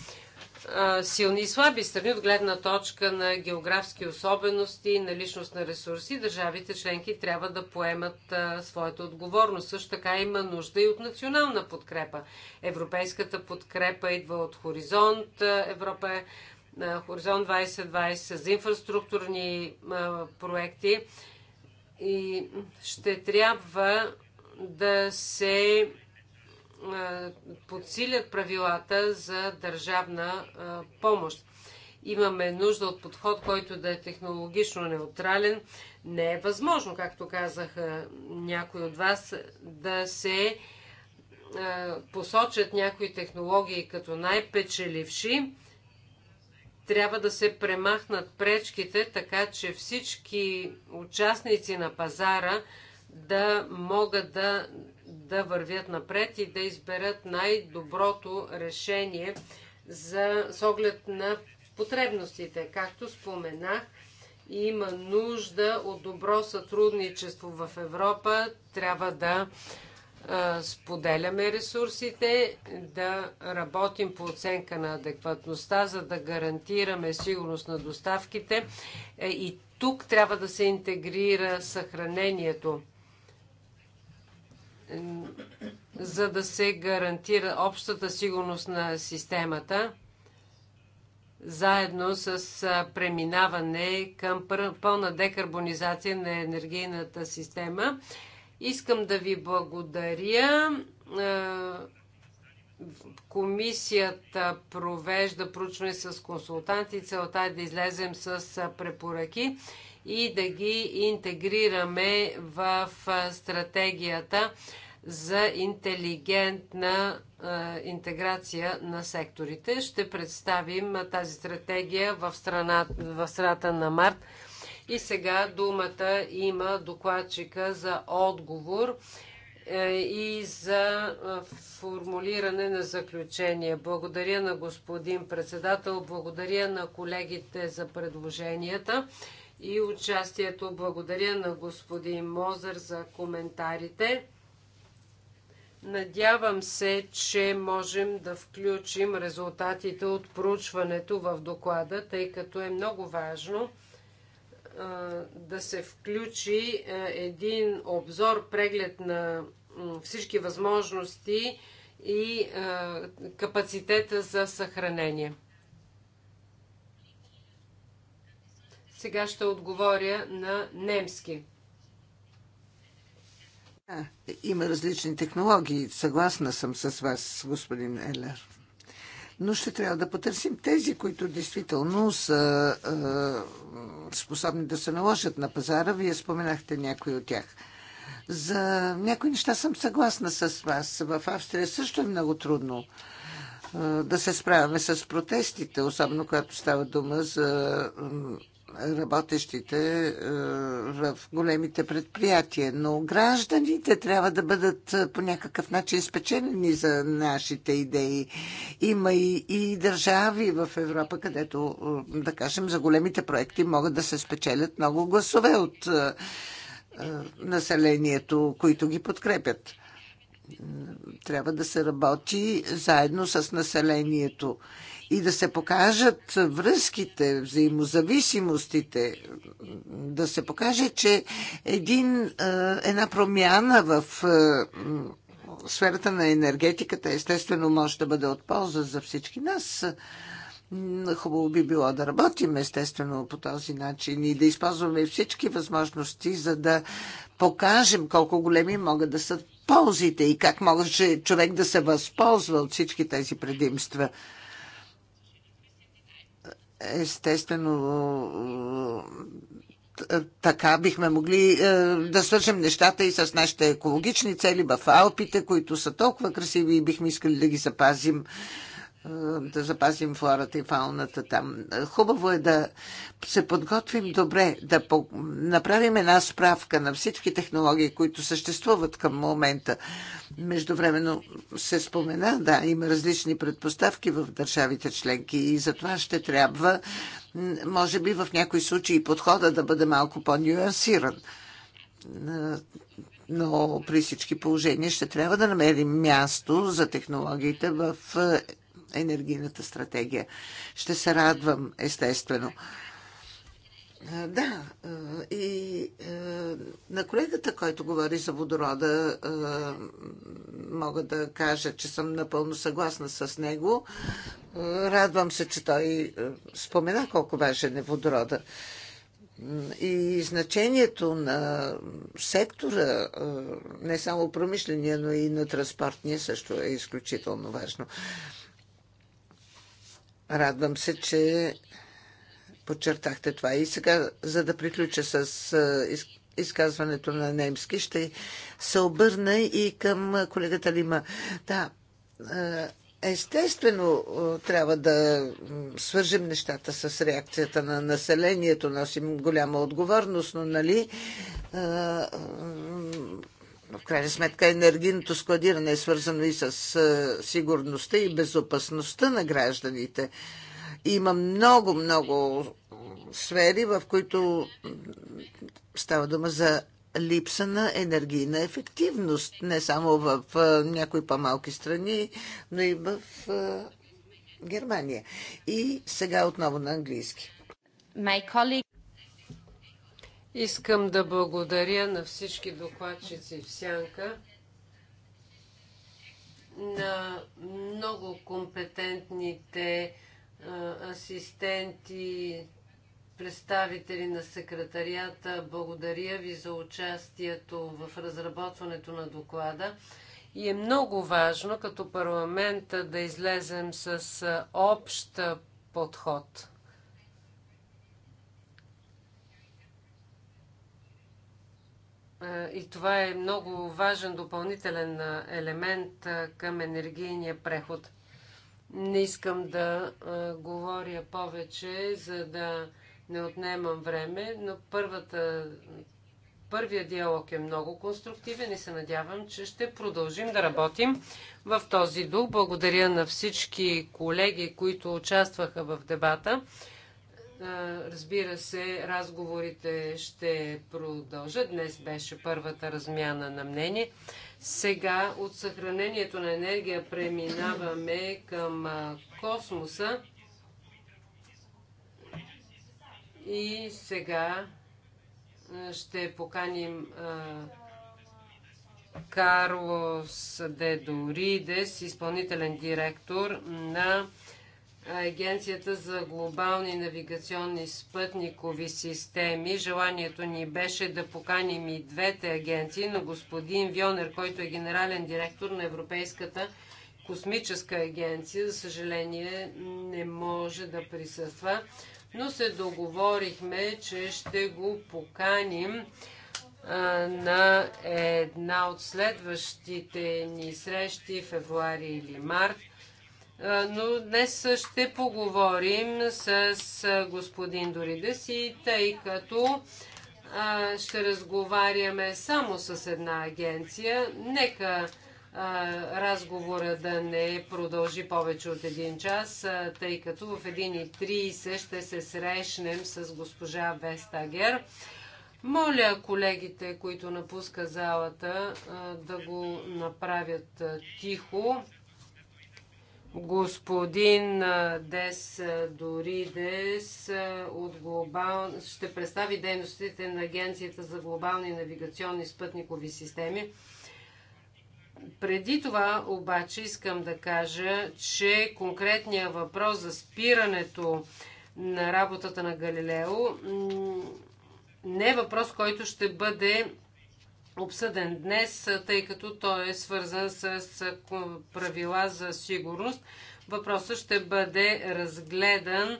силни и слаби страни от гледна точка на географски особености, и на личност на ресурси, държавите членки трябва да поемат своята отговорност. Също така има нужда и от национална подкрепа. Европейската подкрепа идва от Хоризонт Европа, а, Хоризонт 2020 за инфраструктурни проекти и ще трябва да се подсилят правилата за държавна помощ. Имаме нужда от подход, който да е технологично неутрален. Не е възможно, както казаха някои от вас, да се посочат някои технологии като най-печеливши, трябва да се премахнат пречките, така че всички участници на пазара да могат да да вървят напред и да изберат най-доброто решение за, с оглед на потребностите. Както споменах, има нужда от добро сътрудничество в Европа. Трябва да а, споделяме ресурсите, да работим по оценка на адекватността, за да гарантираме сигурност на доставките. Е, и тук трябва да се интегрира съхранението за да се гарантира общата сигурност на системата, заедно с преминаване към пълна декарбонизация на енергийната система. Искам да ви благодаря. Комисията провежда проучване с консултанти. Целта е да излезем с препоръки и да ги интегрираме в стратегията за интелигентна интеграция на секторите. Ще представим тази стратегия в страната, в страната на март. И сега думата има докладчика за отговор е, и за формулиране на заключение. Благодаря на господин председател, благодаря на колегите за предложенията и участието. Благодаря на господин Мозър за коментарите. Надявам се, че можем да включим резултатите от проучването в доклада, тъй като е много важно да се включи един обзор, преглед на всички възможности и капацитета за съхранение. Сега ще отговоря на немски. А, има различни технологии. Съгласна съм с вас, господин Елер. Но ще трябва да потърсим тези, които действително са е, способни да се наложат на пазара. Вие споменахте някои от тях. За някои неща съм съгласна с вас. В Австрия също е много трудно е, да се справяме с протестите, особено когато става дума за работещите е, в големите предприятия, но гражданите трябва да бъдат е, по някакъв начин спечелени за нашите идеи. Има и, и държави в Европа, където, е, да кажем, за големите проекти могат да се спечелят много гласове от населението, които ги подкрепят. Трябва да се работи заедно с населението и да се покажат връзките, взаимозависимостите, да се покаже, че един, една промяна в сферата на енергетиката естествено може да бъде от полза за всички нас. Хубаво би било да работим естествено по този начин и да използваме всички възможности, за да покажем колко големи могат да са ползите и как може човек да се възползва от всички тези предимства. Естествено, така бихме могли е, да свържем нещата и с нашите екологични цели в Алпите, които са толкова красиви и бихме искали да ги запазим да запазим флората и фауната там. Хубаво е да се подготвим добре, да по... направим една справка на всички технологии, които съществуват към момента. Междувременно се спомена, да, има различни предпоставки в държавите членки и затова ще трябва, може би в някои случаи, подхода да бъде малко по-нюансиран но при всички положения ще трябва да намерим място за технологиите в енергийната стратегия. Ще се радвам, естествено. Да, и на колегата, който говори за водорода, мога да кажа, че съм напълно съгласна с него. Радвам се, че той спомена колко важен е водорода. И значението на сектора, не само промишления, но и на транспортния, също е изключително важно. Радвам се, че подчертахте това. И сега, за да приключа с изказването на немски, ще се обърна и към колегата Лима. Да, естествено трябва да свържим нещата с реакцията на населението. Носим голяма отговорност, но нали в крайна сметка енергийното складиране е свързано и с сигурността и безопасността на гражданите. Има много, много сфери, в които става дума за липса на енергийна ефективност, не само в някои по-малки страни, но и в Германия. И сега отново на английски. My colleague... Искам да благодаря на всички докладчици в Сянка на много компетентните асистенти, представители на секретарията. Благодаря ви за участието в разработването на доклада. И е много важно като парламента да излезем с общ подход. И това е много важен допълнителен елемент към енергийния преход. Не искам да говоря повече, за да не отнемам време, но първата, първия диалог е много конструктивен и се надявам, че ще продължим да работим в този дух. Благодаря на всички колеги, които участваха в дебата. Разбира се, разговорите ще продължат. Днес беше първата размяна на мнение. Сега от съхранението на енергия преминаваме към космоса. И сега ще поканим Карлос Дедоридес, изпълнителен директор на Агенцията за глобални навигационни спътникови системи. Желанието ни беше да поканим и двете агенции, но господин Вионер, който е генерален директор на Европейската космическа агенция, за съжаление не може да присъства, но се договорихме, че ще го поканим на една от следващите ни срещи, февруари или март – но днес ще поговорим с господин Доридес и тъй като ще разговаряме само с една агенция, нека разговора да не продължи повече от един час, тъй като в 1.30 ще се срещнем с госпожа Вестагер. Моля колегите, които напуска залата, да го направят тихо. Господин Дес Доридес от глобал... ще представи дейностите на Агенцията за глобални навигационни спътникови системи. Преди това обаче искам да кажа, че конкретният въпрос за спирането на работата на Галилео не е въпрос, който ще бъде обсъден днес, тъй като той е свързан с правила за сигурност. Въпросът ще бъде разгледан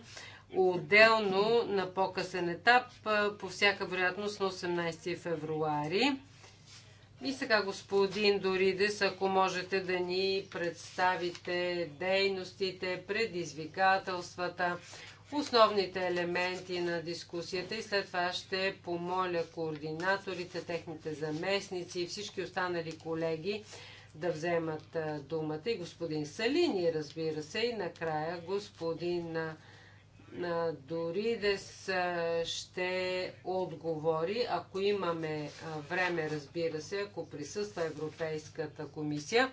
отделно на по-късен етап, по всяка вероятност на 18 февруари. И сега, господин Доридес, ако можете да ни представите дейностите, предизвикателствата, основните елементи на дискусията и след това ще помоля координаторите, техните заместници и всички останали колеги да вземат думата. И господин Салини, разбира се, и накрая господин Доридес ще отговори, ако имаме време, разбира се, ако присъства Европейската комисия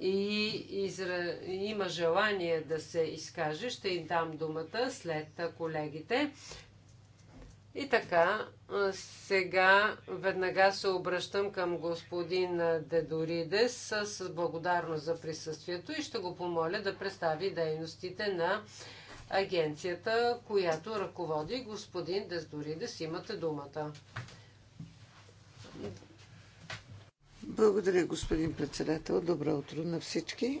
и изра... има желание да се изкаже, ще им дам думата след колегите. И така, сега веднага се обръщам към господин Дедоридес с благодарност за присъствието и ще го помоля да представи дейностите на агенцията, която ръководи господин Дедоридес. Имате думата. Благодаря, господин председател. Добро утро на всички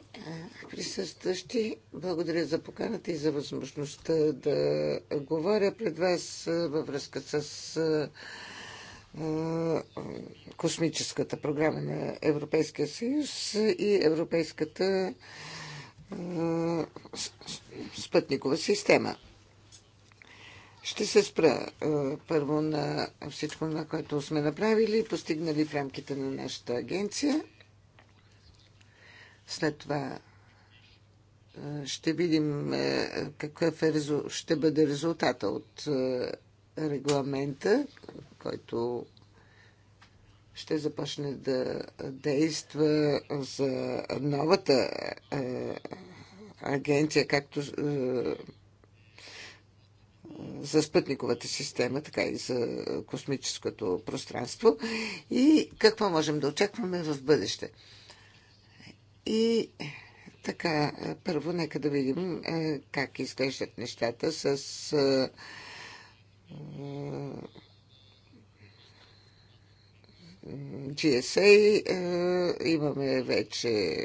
присъстващи. Благодаря за поканата и за възможността да говоря пред вас във връзка с космическата програма на Европейския съюз и Европейската спътникова система. Ще се спра е, първо на всичко, на което сме направили и постигнали в рамките на нашата агенция. След това е, ще видим е, какъв е, ще бъде резултата от регламента, който ще започне да действа за новата агенция, както за спътниковата система, така и за космическото пространство и какво можем да очакваме в бъдеще. И така, първо нека да видим е, как изглеждат нещата с е, GSA. Е, имаме вече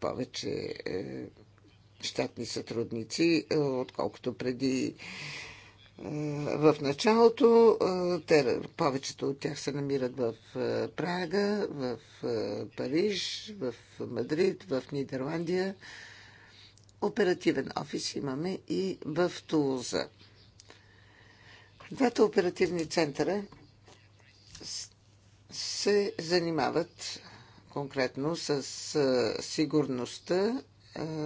повече щатни сътрудници, отколкото преди в началото. Те, повечето от тях се намират в Прага, в Париж, в Мадрид, в Нидерландия. Оперативен офис имаме и в Тулуза. Двата оперативни центъра се занимават конкретно с сигурността,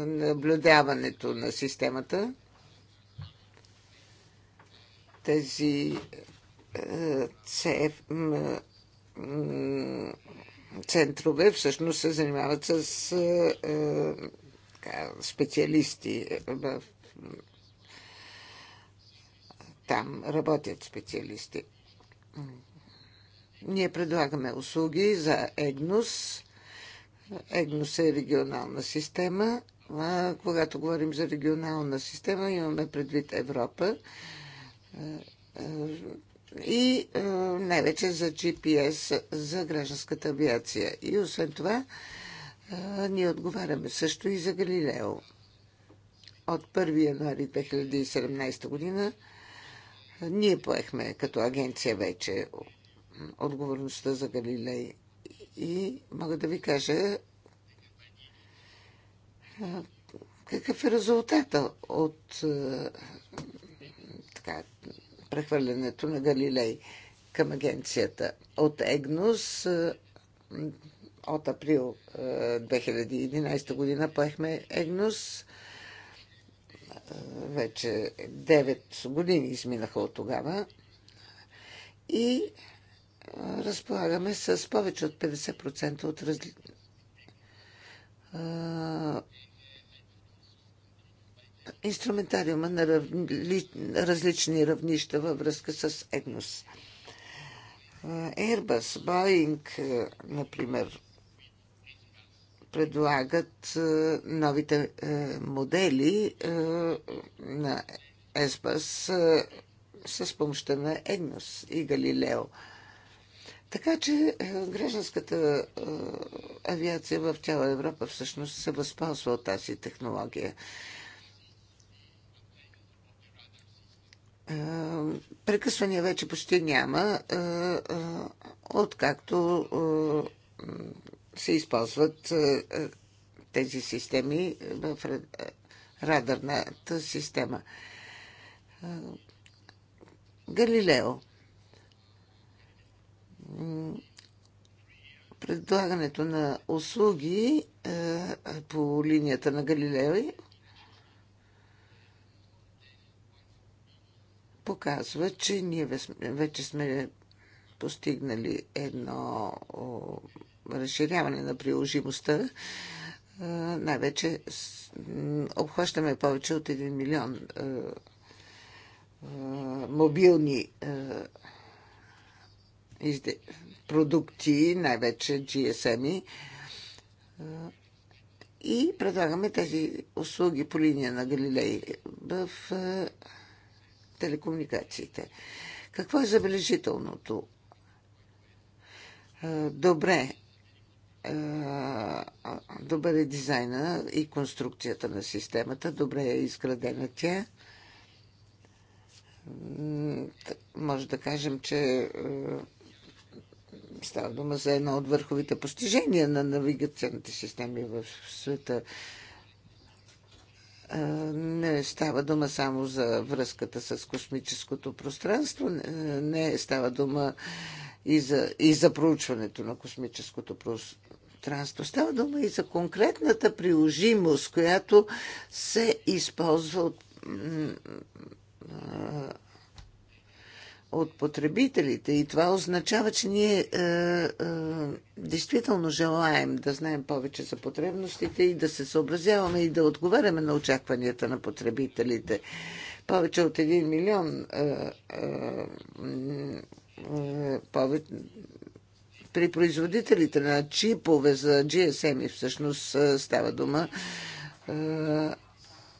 наблюдаването на системата тези е, центрове всъщност се занимават с е, е, специалисти в там работят специалисти. Ние предлагаме услуги за ЕГНОС. ЕГНОС е регионална система. когато говорим за регионална система, имаме предвид Европа и е, най-вече за GPS за гражданската авиация. И освен това, е, ние отговаряме също и за Галилео. От 1 януари 2017 година е, ние поехме като агенция вече отговорността за Галилей. И мога да ви кажа какъв е резултата от така, прехвърлянето на Галилей към агенцията. От Егнус от април 2011 година поехме Егнус. Вече 9 години изминаха от тогава. И разполагаме с повече от 50% от разли инструментариума на равни, различни равнища във връзка с ЕГНОС. Airbus, Boeing, е, например, предлагат е, новите е, модели на Airbus с помощта на Егнос и Галилео. Така че гражданската авиация в цяла Европа всъщност се възползва от тази технология. Е, прекъсвания вече почти няма, е, е, откакто се използват тези системи в радарната система. Галилео. Предлагането на услуги по линията на Галилео показва, че ние вече сме постигнали едно разширяване на приложимостта. Най-вече обхващаме повече от 1 милион мобилни продукти, най-вече GSM-и. И предлагаме тези услуги по линия на Галилей в телекомуникациите. Какво е забележителното? Е, добре, е, добър е дизайна и конструкцията на системата, добре е изградена тя. Може да кажем, че е, става дума за едно от върховите постижения на навигационните системи в света не става дума само за връзката с космическото пространство, не става дума и за, и за проучването на космическото пространство. Става дума и за конкретната приложимост, която се използва от от потребителите и това означава, че ние е, е, действително желаем да знаем повече за потребностите и да се съобразяваме и да отговаряме на очакванията на потребителите. Повече от един милион е, е, е, повече, при производителите на чипове за GSM и всъщност е, става дума е,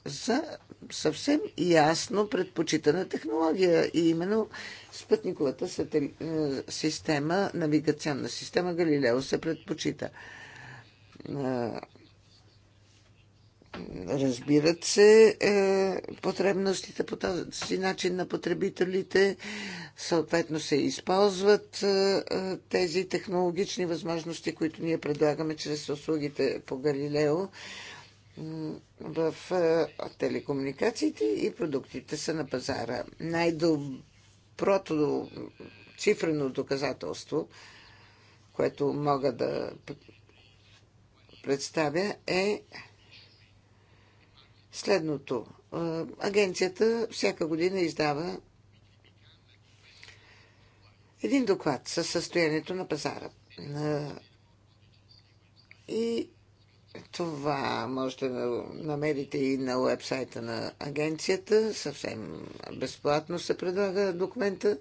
за съвсем ясно предпочитана технология и именно спътниковата сателит, е, система, навигационна система Галилео се предпочита. Е, разбират се е, потребностите по този начин на потребителите, съответно се използват е, е тези технологични възможности, които ние предлагаме чрез услугите по Галилео. Е, в е, телекомуникациите и продуктите са на пазара. Най-доброто цифрено доказателство, което мога да представя, е следното. Е, агенцията всяка година издава един доклад със състоянието на пазара. Е, и това можете да намерите и на уебсайта на агенцията. Съвсем безплатно се предлага документа.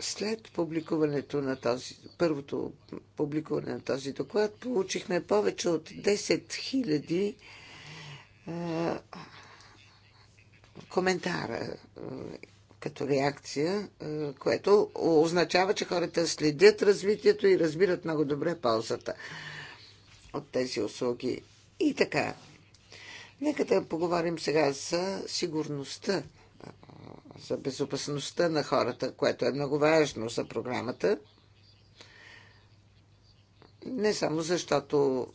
След публикуването на този, първото публикуване на този доклад, получихме повече от 10 000 е, коментара е, като реакция, е, което означава, че хората следят развитието и разбират много добре ползата от тези услуги. И така, нека да поговорим сега за сигурността, е, за безопасността на хората, което е много важно за програмата. Не само защото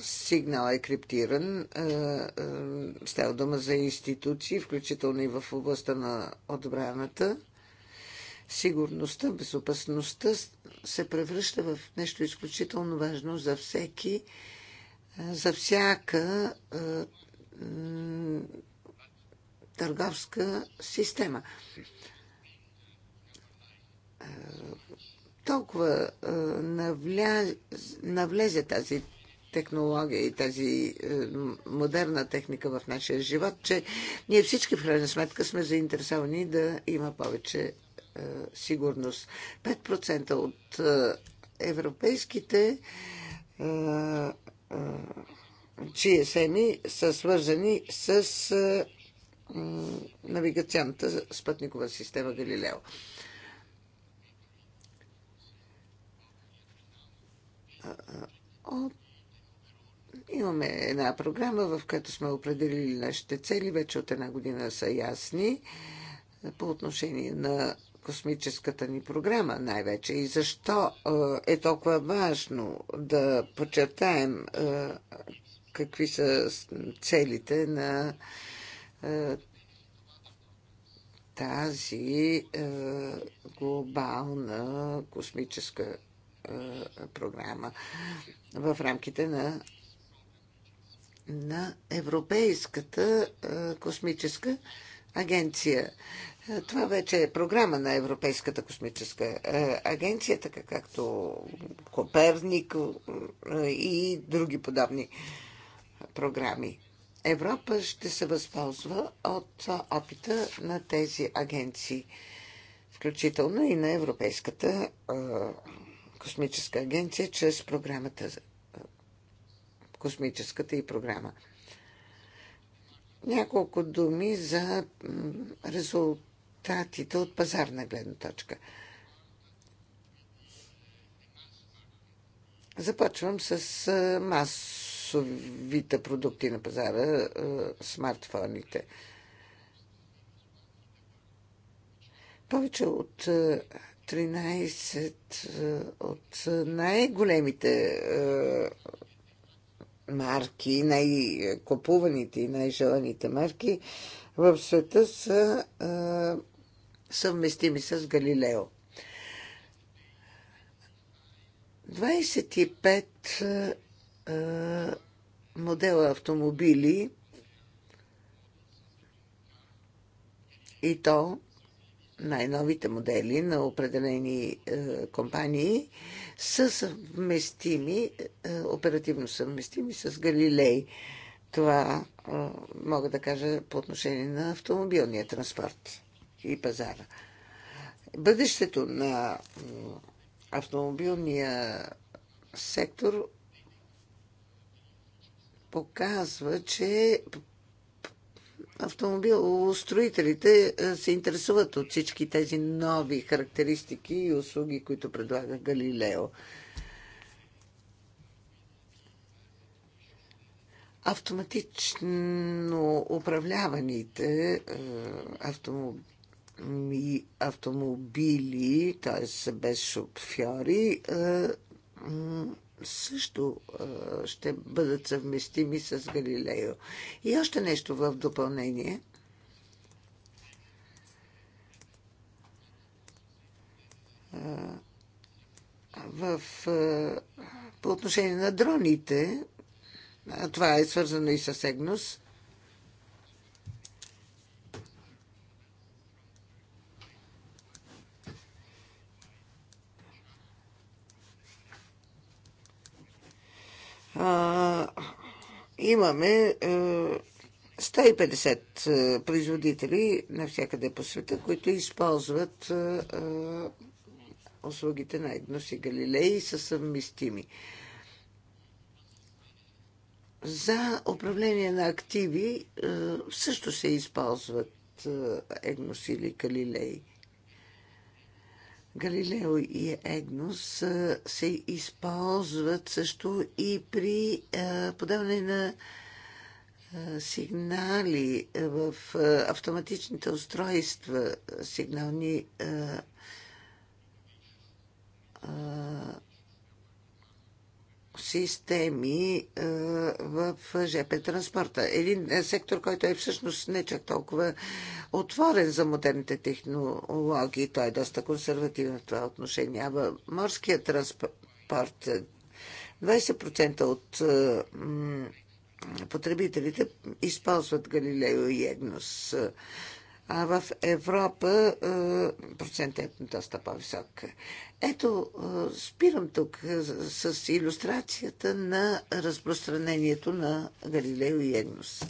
сигнал е криптиран. Е, е, става дума за институции, включително и в областта на отбраната. Сигурността, безопасността се превръща в нещо изключително важно за всеки, е, за всяка търговска система. Толкова навля... навлезе тази технология и тази е, модерна техника в нашия живот, че ние всички в крайна сметка сме заинтересовани да има повече е, сигурност. 5% от е, европейските чие семи са свързани с навигационната спътникова система Галилео. От Имаме една програма, в която сме определили нашите цели, вече от една година са ясни по отношение на космическата ни програма най-вече и защо е толкова важно да подчертаем какви са целите на тази глобална космическа програма в рамките на на Европейската космическа агенция. Това вече е програма на Европейската космическа агенция, така както Коперник и други подобни програми. Европа ще се възползва от опита на тези агенции, включително и на Европейската космическа агенция, чрез програмата космическата и програма. Няколко думи за резултатите от пазарна гледна точка. Започвам с масовите продукти на пазара, смартфоните. Повече от 13 от най-големите марки, най-купуваните и най-желаните марки в света са а, съвместими с Галилео. 25 а, модела автомобили и то най-новите модели на определени е, компании са съвместими, е, оперативно съвместими с Галилей. Това е, мога да кажа по отношение на автомобилния транспорт и пазара. Бъдещето на автомобилния сектор показва, че автомобилостроителите е, се интересуват от всички тези нови характеристики и услуги, които предлага Галилео. Автоматично управляваните е, автомобили, т.е. без шофьори, е, също ще бъдат съвместими с Галилео. И още нещо в допълнение. В, по отношение на дроните, това е свързано и с Егнос, а, имаме а, е, 150 е, производители навсякъде по света, които използват а, е, услугите на Игнус и Галилей и са съвместими. За управление на активи също се използват Егнос или Галилей. Галилео и Егнос се използват също и при подаване на сигнали в автоматичните устройства, сигнални системи в ЖП транспорта. Един е, сектор, който е всъщност не чак толкова отворен за модерните технологии. Той е доста консервативен в това отношение. А в морския транспорт 20% е, от е, потребителите използват Галилео и Егнос а в Европа е, процентът е доста по-висок. Ето, е, спирам тук е, с иллюстрацията на разпространението на Галилео и Егнос.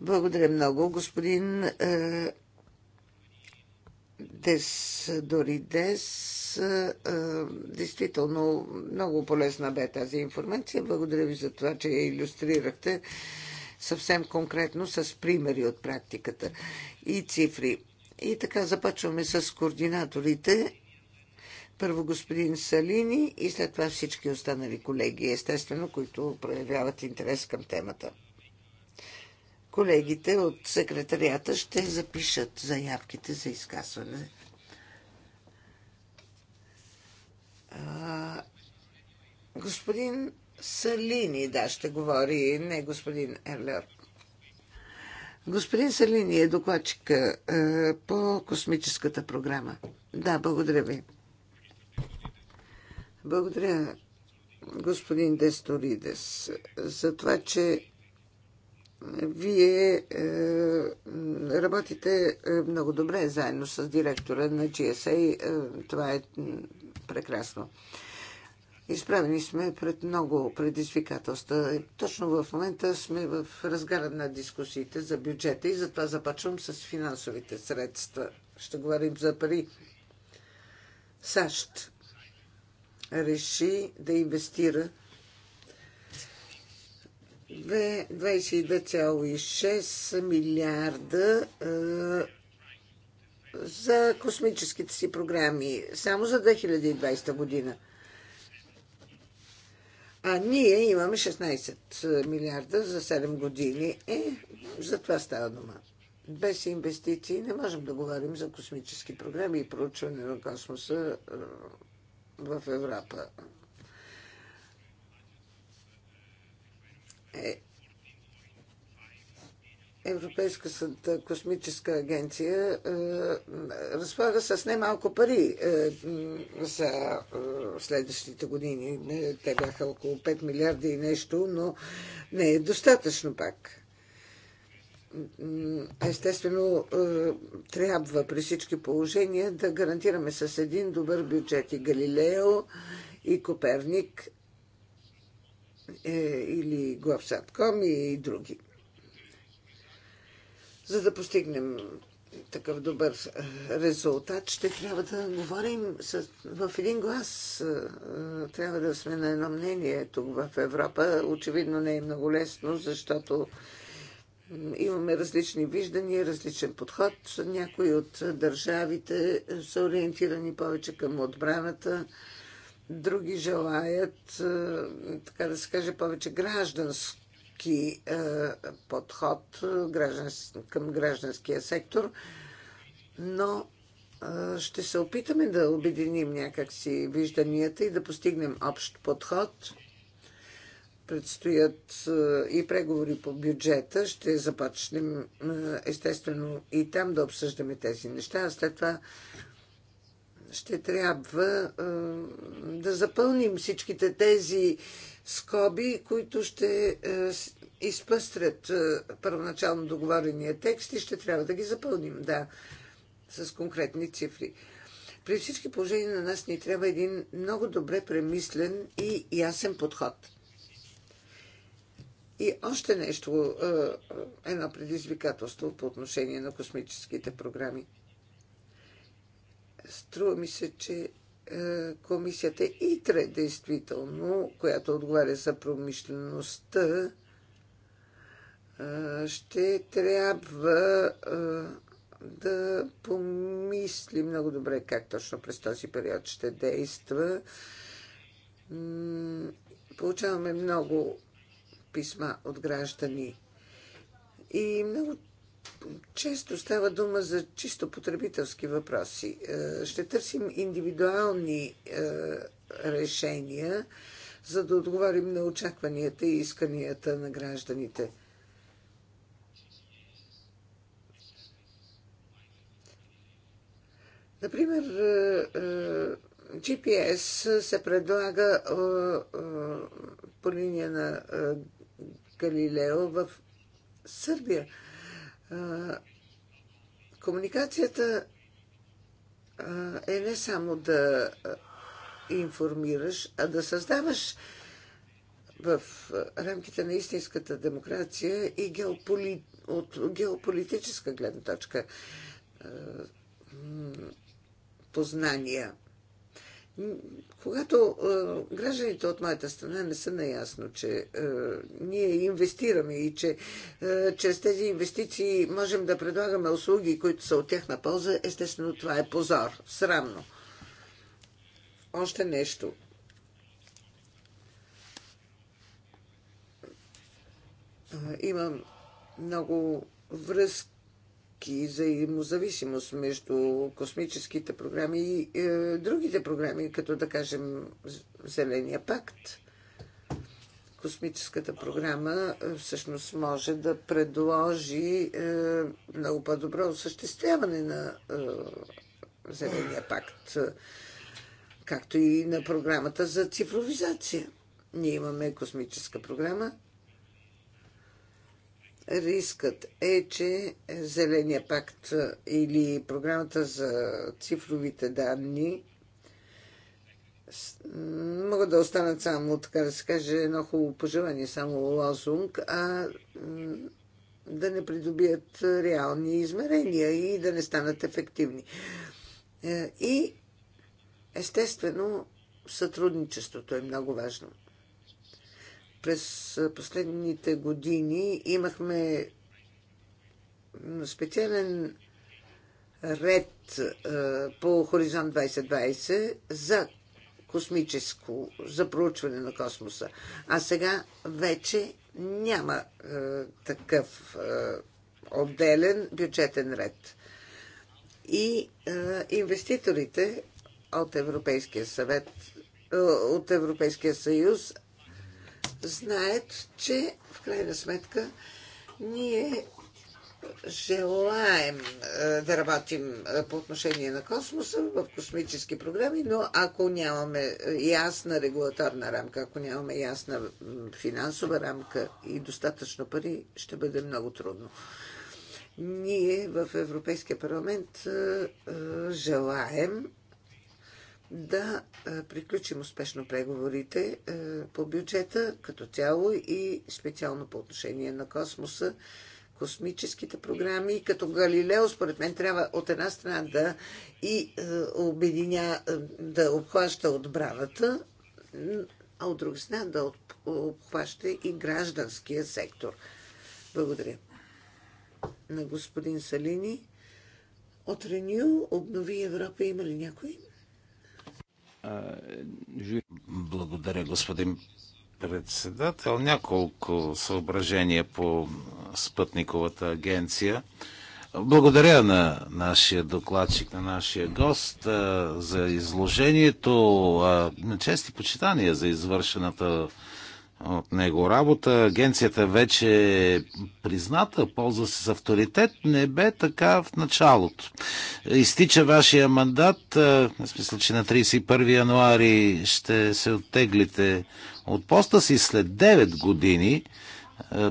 Благодаря много, господин Дес Доридес. Действително много полезна бе тази информация. Благодаря ви за това, че я иллюстрирахте съвсем конкретно с примери от практиката и цифри. И така започваме с координаторите. Първо господин Салини и след това всички останали колеги, естествено, които проявяват интерес към темата. Колегите от секретарията ще запишат заявките за изказване. Господин Салини, да, ще говори, не господин Ерлер. Господин Салини е докладчика е, по космическата програма. Да, благодаря ви. Благодаря, господин Десторидес, за това, че вие е, работите е, много добре заедно с директора на GSA. Е, това е прекрасно. Е, Изправени сме пред много предизвикателства. Точно в момента сме в разгара на дискусиите за бюджета и затова започвам с финансовите средства. Ще говорим за пари. САЩ реши да инвестира 22,6 милиарда е, за космическите си програми само за 2020 година. А ние имаме 16 милиарда за 7 години. Е, за това става дума. Без инвестиции не можем да говорим за космически програми и проучване на космоса е, в Европа. Е, Европейската космическа агенция е, разполага с немалко пари е, за е, следващите години. те бяха около 5 милиарда и нещо, но не е достатъчно пак. Естествено, трябва при всички положения да гарантираме с един добър бюджет и Галилео, и Коперник, или Главсатком, и други за да постигнем такъв добър е, резултат, ще трябва да говорим с, в един глас. Е, е, трябва да сме на едно мнение тук в Европа. Очевидно не е много лесно, защото имаме различни виждания, различен подход. Някои от държавите са ориентирани повече към отбраната, други желаят, така да се каже, повече гражданско е, подход е, към гражданския сектор, но е, ще се опитаме да обединим някакси вижданията и да постигнем общ подход. Предстоят е, и преговори по бюджета. Ще започнем естествено и там да обсъждаме тези неща, а след това ще трябва да запълним всичките тези скоби, които ще е, изпъстрят е, първоначално договорения текст и ще трябва да ги запълним, да, с конкретни цифри. При всички положения на нас ни трябва един много добре премислен и ясен подход. И още нещо, е, едно предизвикателство по отношение на космическите програми. Струва ми се, че е, комисията ИТРЕ, действително, която отговаря за промишлеността, е, ще трябва е, да помисли много добре как точно през този период ще действа. Получаваме много писма от граждани и много често става дума за чисто потребителски въпроси. Е, ще търсим индивидуални е, решения, за да отговорим на очакванията и исканията на гражданите. Например, е, GPS се предлага по линия на Галилео в Сърбия комуникацията е не само да информираш, а да създаваш в рамките на истинската демокрация и геополи... от геополитическа гледна точка познания – когато е, гражданите от моята страна не са наясно, че е, ние инвестираме и че е, чрез тези инвестиции можем да предлагаме услуги, които са от тяхна полза, естествено това е позор, срамно. Още нещо. Имам много връзки и взаимозависимост между космическите програми и е, другите програми, като да кажем Зеления пакт. Космическата програма е, всъщност може да предложи е, много по-добро осъществяване на е, Зеления пакт, е, както и на програмата за цифровизация. Ние имаме космическа програма, Рискът е, че Зеления пакт или програмата за цифровите данни могат да останат само, така да се каже, едно хубаво пожелание, само лозунг, а да не придобият реални измерения и да не станат ефективни. Е, и естествено сътрудничеството е много важно. През последните години имахме специален ред по Хоризонт 2020 за космическо, за проучване на космоса. А сега вече няма такъв отделен бюджетен ред. И инвеститорите от Европейския съвет, от Европейския съюз знаят, че в крайна сметка ние желаем е, да работим е, по отношение на космоса в космически програми, но ако нямаме е, ясна регулаторна рамка, ако нямаме ясна финансова рамка и достатъчно пари, ще бъде много трудно. Ние в Европейския парламент желаем да приключим успешно преговорите по бюджета като цяло и специално по отношение на космоса, космическите програми. И като Галилео, според мен, трябва от една страна да и обединя, да обхваща отбраната, а от друга страна да обхваща и гражданския сектор. Благодаря. На господин Салини. От Реню обнови Европа има ли някой? Благодаря, господин председател. Няколко съображения по Спътниковата агенция. Благодаря на нашия докладчик, на нашия гост за изложението. Чести почитания за извършената от него работа. Агенцията вече е призната, ползва се с авторитет. Не бе така в началото. Изтича вашия мандат. В смисъл, че на 31 януари ще се оттеглите от поста си след 9 години. Е,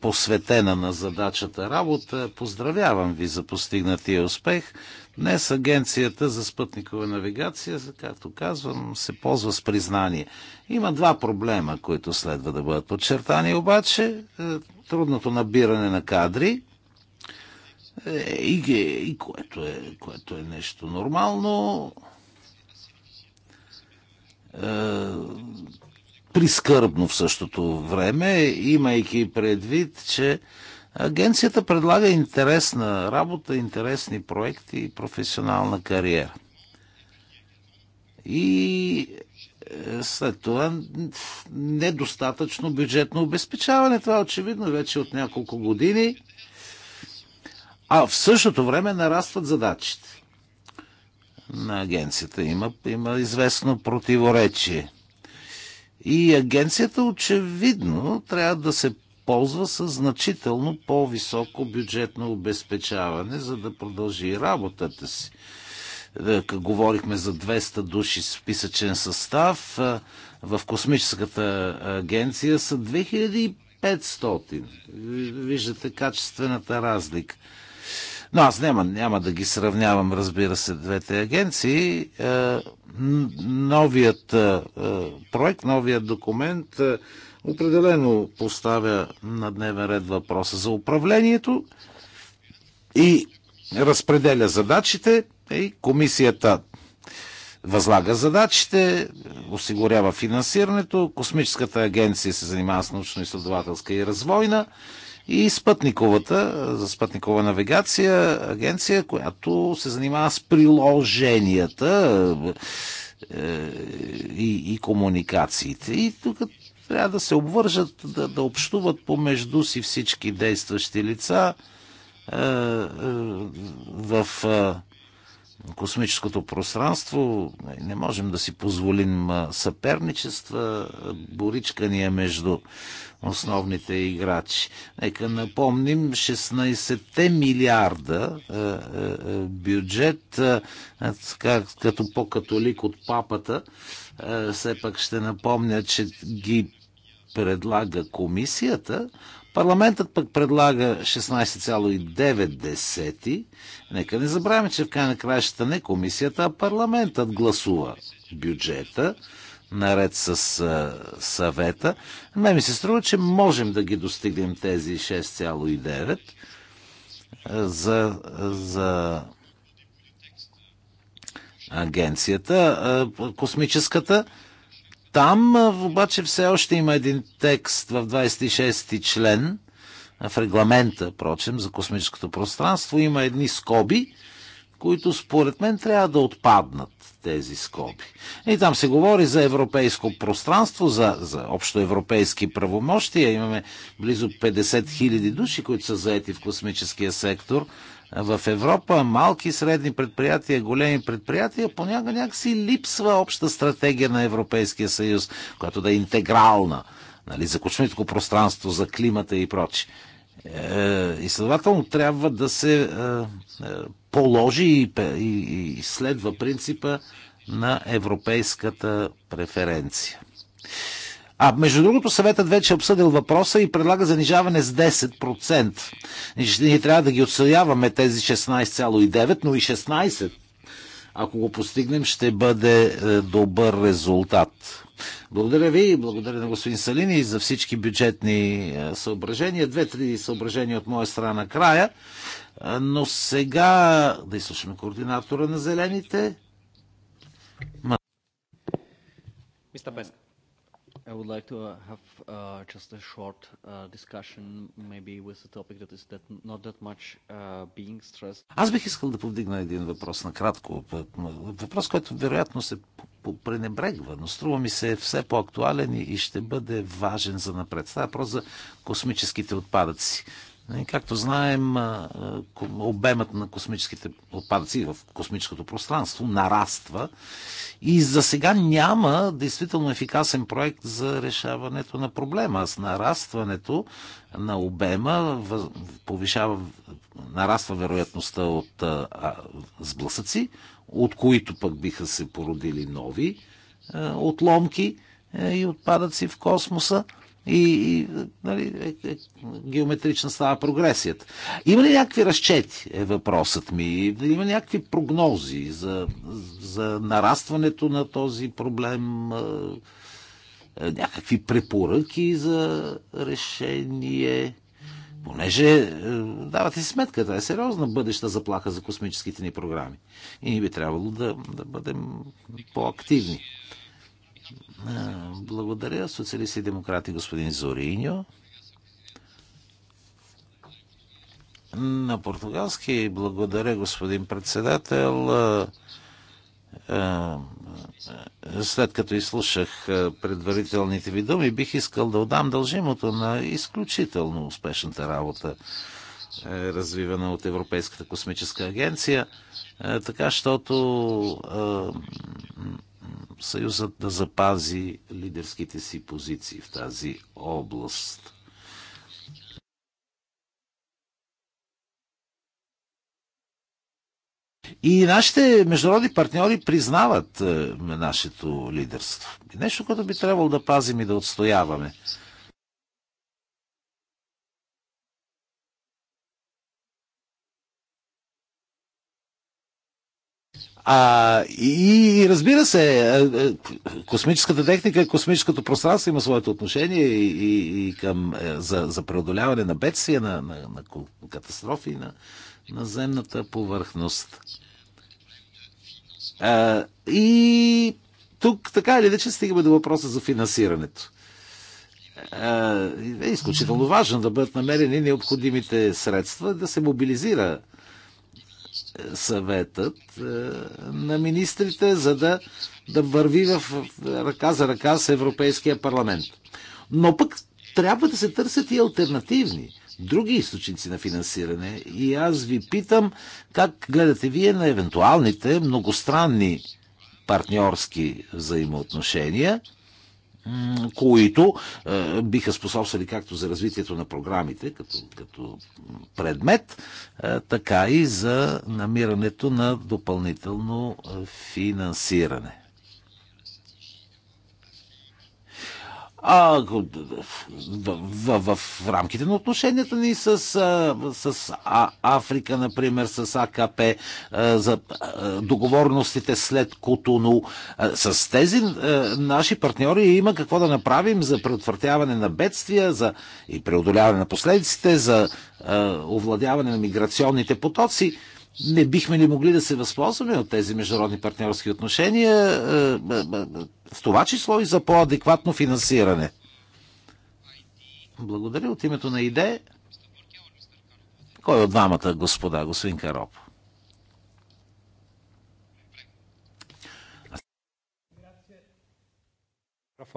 посветена на задачата работа. Поздравявам ви за постигнатия успех. Днес Агенцията за спътникова навигация, както казвам, се ползва с признание. Има два проблема, които следва да бъдат подчертани, обаче е, трудното набиране на кадри е, и, и което, е, което е нещо нормално прискърбно в същото време, имайки предвид, че агенцията предлага интересна работа, интересни проекти и професионална кариера. И е, след това недостатъчно бюджетно обезпечаване. Това е очевидно вече от няколко години. А в същото време нарастват задачите на агенцията. Има, има известно противоречие. И агенцията очевидно трябва да се ползва с значително по-високо бюджетно обезпечаване, за да продължи работата си. Е, говорихме за 200 души списъчен състав. Е, в космическата агенция са 2500. Виждате качествената разлика. Но аз няма, няма да ги сравнявам, разбира се, двете агенции. Е, новият е, е, проект, новият документ определено поставя на дневен ред въпроса за управлението и разпределя задачите и комисията възлага задачите, осигурява финансирането, космическата агенция се занимава с научно-изследователска и развойна и спътниковата, за спътникова навигация, агенция, която се занимава с приложенията е, и, и комуникациите. И тук трябва да се обвържат, да, да общуват помежду си всички действащи лица е, е, в космическото пространство. Не можем да си позволим съперничества, боричкания между основните играчи. Нека напомним 16 милиарда бюджет, като по-католик от папата, все пак ще напомня, че ги предлага комисията, Парламентът пък предлага 16,9. Нека не забравяме, че в край на краищата не комисията, а парламентът гласува бюджета наред с а, съвета. Ме ми се струва, че можем да ги достигнем тези 6,9 за, за агенцията космическата. Там обаче все още има един текст в 26 ти член, в регламента, прочим, за космическото пространство, има едни скоби, които според мен трябва да отпаднат тези скоби. И там се говори за европейско пространство, за, за европейски правомощия. Имаме близо 50 000 души, които са заети в космическия сектор – в Европа малки и средни предприятия, големи предприятия, понякога някакси липсва обща стратегия на Европейския съюз, която да е интегрална. Нали, за космическо пространство, за климата и прочи. Е, и следователно трябва да се е, е, положи и следва принципа на европейската преференция. А между другото, съветът вече е обсъдил въпроса и предлага занижаване с 10%. Ние трябва да ги отстояваме тези 16,9, но и 16, ако го постигнем, ще бъде е, добър резултат. Благодаря ви, и благодаря на господин Салини за всички бюджетни е, съображения. Две-три съображения от моя страна края. Е, но сега да изслушаме координатора на зелените. Мистер Бенк. I would like to uh, have uh, just a short uh, discussion, maybe with a topic that is that not that much uh, being stressed. Аз бих искал да повдигна един въпрос накратко. Въпрос, който вероятно се пренебрегва, но струва ми се е все по-актуален и ще бъде важен за напред. Става въпрос за космическите отпадъци. Е, както знаем, обемът на космическите отпадъци в космическото пространство нараства и за сега няма действително ефикасен проект за решаването на проблема. С нарастването на обема повишава, нараства вероятността от сблъсъци, от които пък биха се породили нови отломки е, и отпадъци в космоса. И, и нали, е, е, геометрична става прогресията. Има ли някакви разчети, е въпросът ми. Има ли някакви прогнози за, за нарастването на този проблем? Е, някакви препоръки за решение? Понеже, е, давате си сметка, това е сериозна бъдеща заплаха за космическите ни програми. И ни би трябвало да, да бъдем по-активни. Благодаря. Социалисти и демократи, господин Зориньо. На португалски благодаря, господин председател. След като изслушах предварителните ви думи, бих искал да отдам дължимото на изключително успешната работа, е, развивана от Европейската космическа агенция, така, щото Съюзът да запази лидерските си позиции в тази област. И нашите международни партньори признават е, нашето лидерство. Нещо, което би трябвало да пазим и да отстояваме. А, и разбира се, е, е, космическата техника, и космическото пространство има своето отношение и, и, и към, е, за, за преодоляване на бедствия, на, на, на катастрофи, на, на земната повърхност. А, и тук така или иначе стигаме до въпроса за финансирането. А, е изключително важно да бъдат намерени необходимите средства да се мобилизира съветът е, на министрите, за да, да върви в ръка за ръка с Европейския парламент. Но пък трябва да се търсят и альтернативни, други източници на финансиране. И аз ви питам как гледате вие на евентуалните многостранни партньорски взаимоотношения – които е, биха способствали както за развитието на програмите като, като предмет, е, така и за намирането на допълнително е, финансиране. а, в, в, в рамките на отношенията ни с, с а, Африка, например, с АКП, а, за а, договорностите след Кутуно, А, с тези а, наши партньори има какво да направим за предотвратяване на бедствия за, и преодоляване на последиците, за а, овладяване на миграционните потоци. Не бихме ли могли да се възползваме от тези международни партньорски отношения? в това число и за по-адекватно финансиране. Благодаря от името на ИДЕ. Кой от двамата, господа, господин Кароп?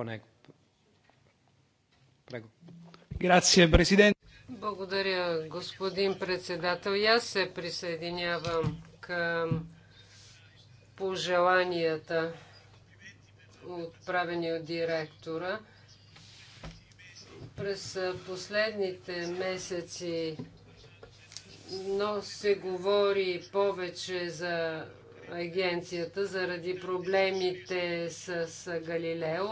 Е Благодаря, господин председател. И аз се присъединявам към пожеланията отправени от директора. През последните месеци но се говори повече за агенцията заради проблемите с, Галилео.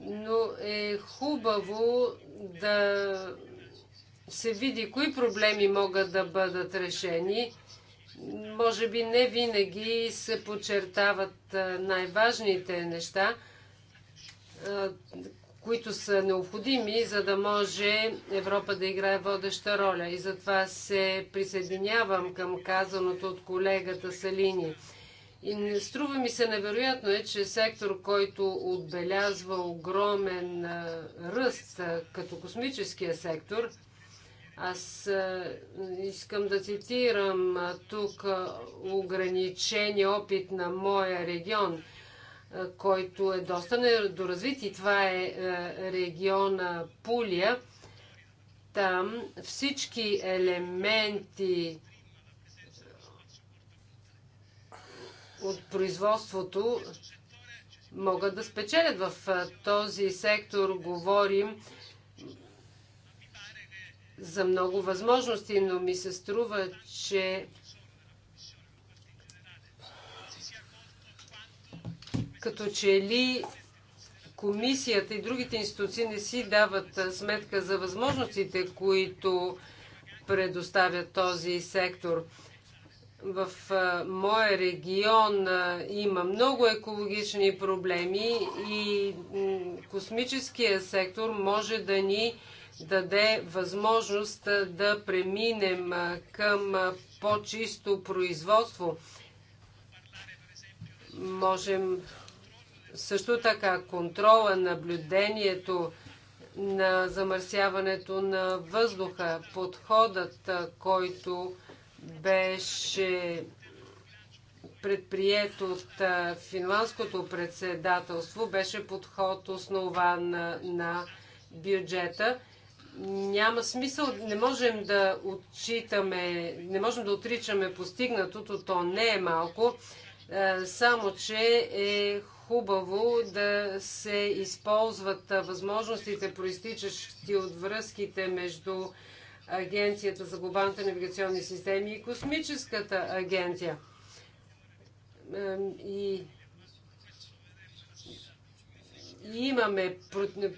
Но е хубаво да се види кои проблеми могат да бъдат решени може би не винаги се подчертават най-важните неща, които са необходими, за да може Европа да играе водеща роля. И затова се присъединявам към казаното от колегата Салини. И не струва ми се невероятно е, че сектор, който отбелязва огромен ръст като космическия сектор – аз е, искам да цитирам е, тук е, ограничения опит на моя регион, който е доста недоразвит и това е региона Пулия. Там всички елементи от производството могат да спечелят. В този сектор говорим за много възможности, но ми се струва, че като че ли комисията и другите институции не си дават сметка за възможностите, които предоставят този сектор. В моя регион има много екологични проблеми и космическия сектор може да ни даде възможност да преминем към по-чисто производство. Можем също така контрола, наблюдението на замърсяването на въздуха, подходът, който беше предприят от финландското председателство, беше подход основан на бюджета няма смисъл, не можем да отчитаме, не можем да отричаме постигнатото, то не е малко, е, само че е хубаво да се използват възможностите, проистичащи от връзките между Агенцията за глобалните навигационни системи и Космическата агенция. И имаме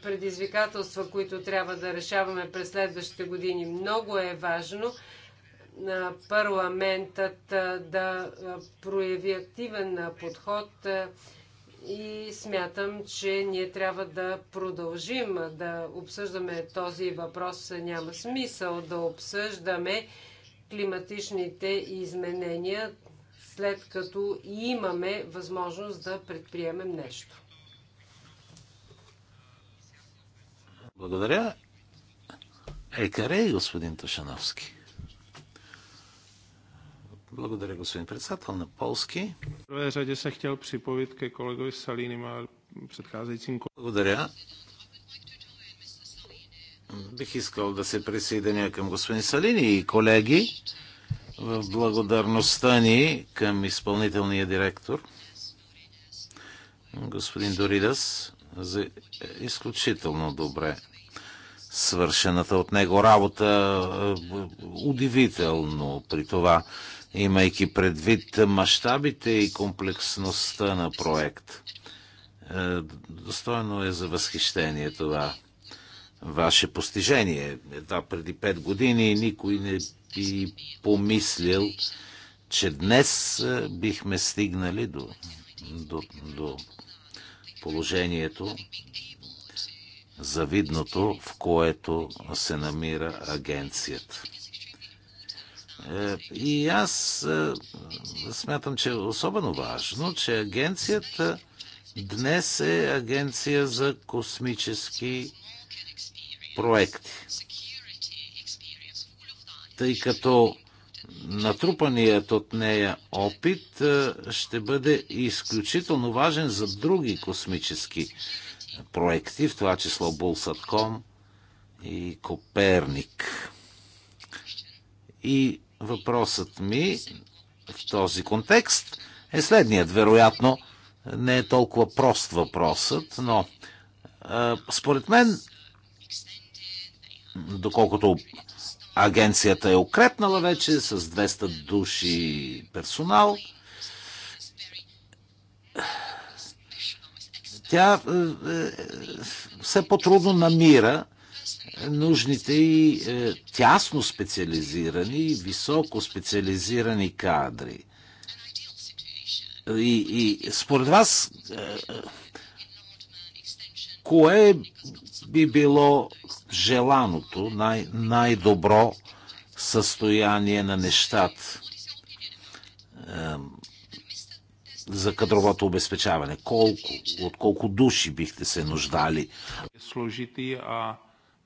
предизвикателства, които трябва да решаваме през следващите години. Много е важно на парламентът да прояви активен подход и смятам, че ние трябва да продължим да обсъждаме този въпрос. Няма смисъл да обсъждаме климатичните изменения, след като имаме възможност да предприемем нещо. Благодаря. Екаре, господин Тошановски. Благодаря, господин председател на полски. В се хотел колегови Салиним а предхазайцим. Благодаря. Бих искал да се присъединя към господин Салини и колеги в благодарността ни към изпълнителния директор господин Доридас за изключително добре свършената от него работа. Удивително при това, имайки предвид мащабите и комплексността на проект. Е, достойно е за възхищение това ваше постижение. Едва преди пет години никой не би помислил, че днес е, бихме стигнали до, до, до положението, завидното, в което се намира агенцията. Е, и аз е, смятам, че е особено важно, че агенцията днес е агенция за космически проекти. Тъй като натрупаният от нея опит е, ще бъде изключително важен за други космически проекти проекти, в това число Булсатком и Коперник. И въпросът ми в този контекст е следният. Вероятно, не е толкова прост въпросът, но а, според мен, доколкото агенцията е укрепнала вече с 200 души персонал, Тя е, е, все по-трудно намира нужните и е, тясно специализирани, високо специализирани кадри. И, и според вас, кое би било желаното, най- най-добро състояние на нещата? за кадровото обезпечаване? Колко, от колко души бихте се нуждали? Е Служити, а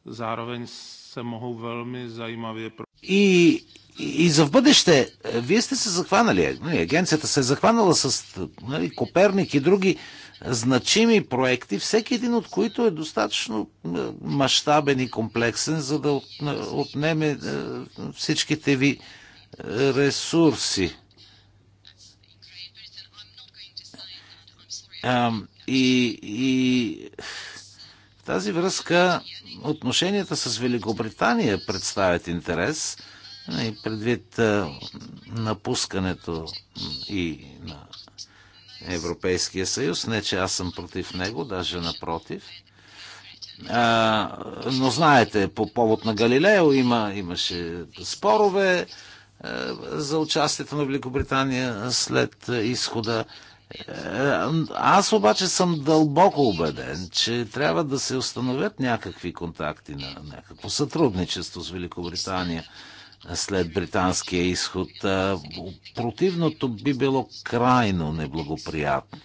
заровен се могу velmi zajímavě... И, и за в бъдеще, е, вие сте се захванали, е, нали, агенцията се е захванала с нали, Коперник и други значими проекти, всеки един от които е достатъчно мащабен и комплексен, за да отнеме всичките ви ресурси. И, и в тази връзка отношенията с Великобритания представят интерес и предвид напускането и на Европейския съюз. Не, че аз съм против него, даже напротив. А, но знаете, по повод на Галилео има, имаше спорове а, за участието на Великобритания след изхода аз обаче съм дълбоко убеден, че трябва да се установят някакви контакти на някакво сътрудничество с Великобритания след британския изход. Е, противното би било крайно неблагоприятно.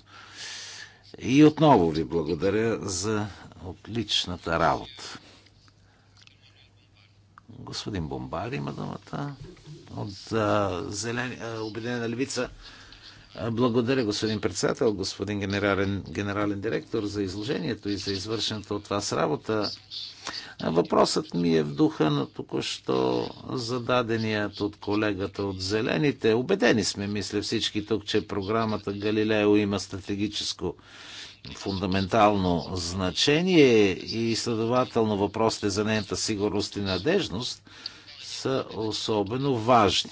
И отново ви благодаря за отличната работа. Господин Бомбар има думата от а, е, а, е, Обединена левица. Благодаря, господин председател, господин генерален, генерален директор, за изложението и за извършената от вас работа. Въпросът ми е в духа на току-що зададеният от колегата от Зелените. Обедени сме, мисля всички тук, че програмата Галилео има стратегическо фундаментално значение и следователно въпросите за нейната сигурност и надежност – са особено важни.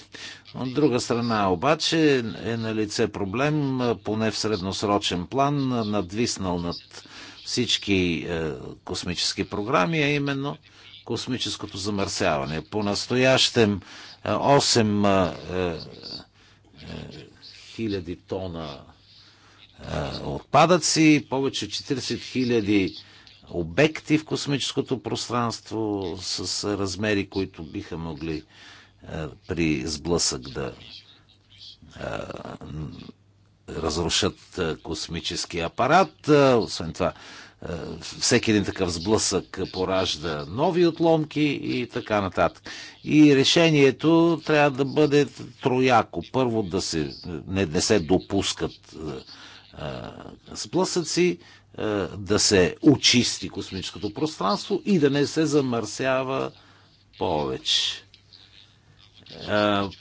От друга страна обаче е на лице проблем, поне в средносрочен план, надвиснал над всички е, космически програми, а именно космическото замърсяване. По-настоящем 8 е, е, хиляди тона отпадъци, повече 40 хиляди 000 обекти в космическото пространство с размери, които биха могли е, при сблъсък да е, разрушат е, космически апарат. Освен това, всеки един такъв сблъсък поражда нови отломки и така нататък. И решението трябва да бъде трояко. Първо да се, не, не се допускат сблъсъци, е, да се очисти космическото пространство и да не се замърсява повече. Е,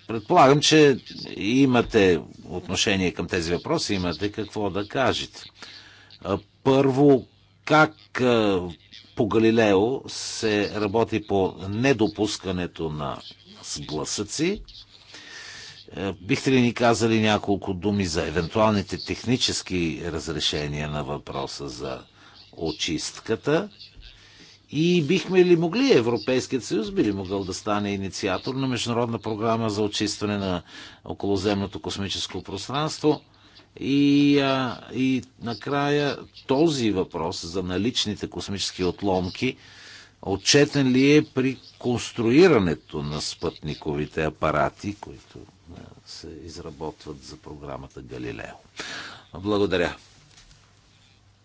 предполагам, че имате отношение към тези въпроси, имате какво да кажете. Е, първо, как по Галилео се работи по недопускането на сблъсъци, е, бихте ли ни казали няколко думи за евентуалните технически разрешения на въпроса за очистката? И бихме ли могли, Европейският съюз би ли могъл да стане инициатор на международна програма за очистване на околоземното космическо пространство? И, а, и накрая този въпрос за наличните космически отломки отчетен ли е при конструирането на спътниковите апарати, които се изработват за програмата Галилео. Благодаря.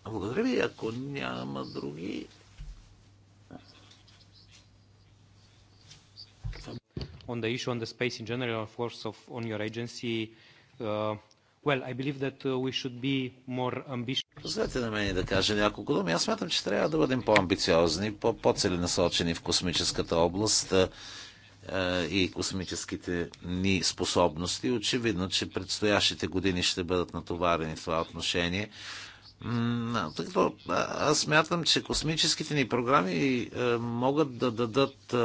Благодаря ви, ако няма други. On the issue on the space in general, of course, of on your agency, uh, well, I believe that uh, we should be more ambitious. Позволете на мен да кажа няколко думи. Аз смятам, че трябва да бъдем по-амбициозни, по-целенасочени -по в космическата област. Uh, и космическите ни способности. Очевидно, че предстоящите години ще бъдат натоварени в това отношение. Аз смятам, че космическите ни програми могат да дадат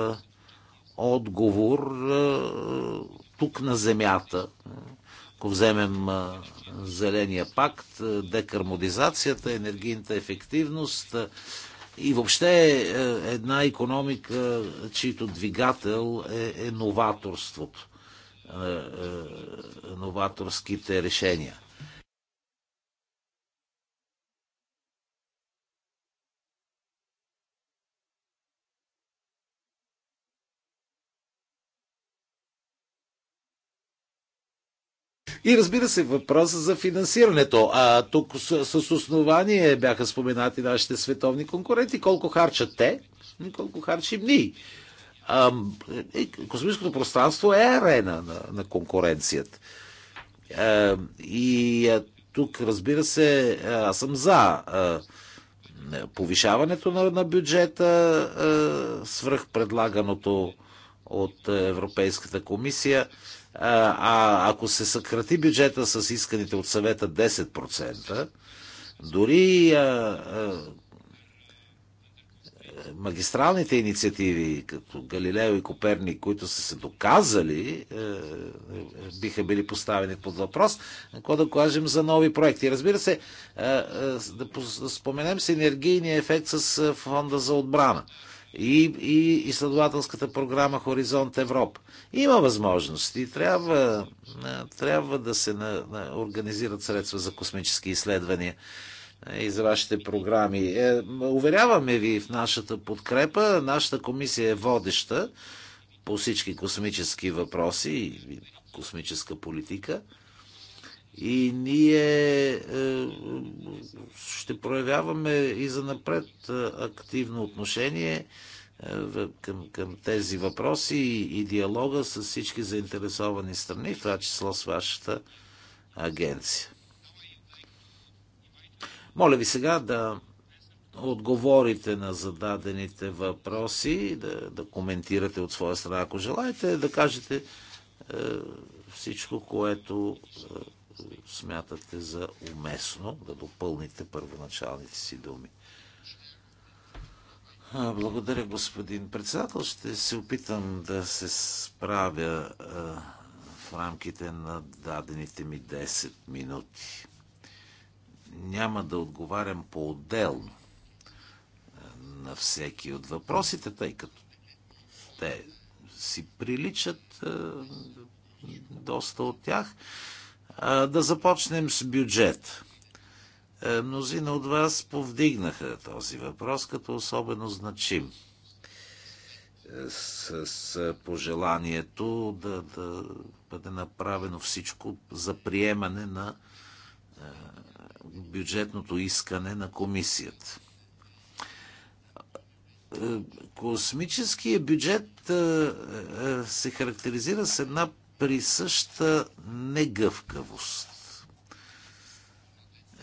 отговор тук на Земята. Ако вземем Зеления пакт, декармодизацията, енергийната ефективност, и въобще е една економика, чийто двигател е, е новаторството, е, е, новаторските решения. И разбира се, въпрос за финансирането. А тук с, с основание бяха споменати нашите световни конкуренти. Колко харчат те, колко харчим ние. Космическото пространство е арена на, на конкуренцията. А, и а, тук, разбира се, аз съм за а, повишаването на, на бюджета, свръхпредлаганото от Европейската комисия. А ако се съкрати бюджета с исканите от съвета 10%, дори а, а, магистралните инициативи, като Галилео и Коперник, които са се доказали, а, е, е, биха били поставени под въпрос. Какво да кажем за нови проекти? Разбира се, е, а, а, да споменем с енергийния ефект с фонда за отбрана и, и изследователската програма Хоризонт Европа. Има възможности. Трябва, трябва да се на, на, организират средства за космически изследвания и за вашите програми. Е, уверяваме ви в нашата подкрепа. Нашата комисия е водеща по всички космически въпроси и космическа политика и ние е, ще проявяваме и за напред е, активно отношение е, към, към тези въпроси и, и диалога с всички заинтересовани страни, в това число с вашата агенция. Моля ви сега да отговорите на зададените въпроси, да, да коментирате от своя страна, ако желаете, да кажете е, всичко, което е, смятате за уместно да допълните първоначалните си думи. Благодаря, господин председател. Ще се опитам да се справя в рамките на дадените ми 10 минути. Няма да отговарям по-отделно на всеки от въпросите, тъй като те си приличат доста от тях. Да започнем с бюджет. Е, мнозина от вас повдигнаха този въпрос като особено значим. Е, с, с пожеланието да, да бъде направено всичко за приемане на е, бюджетното искане на комисията. Космическия бюджет се характеризира с една присъща негъвкавост.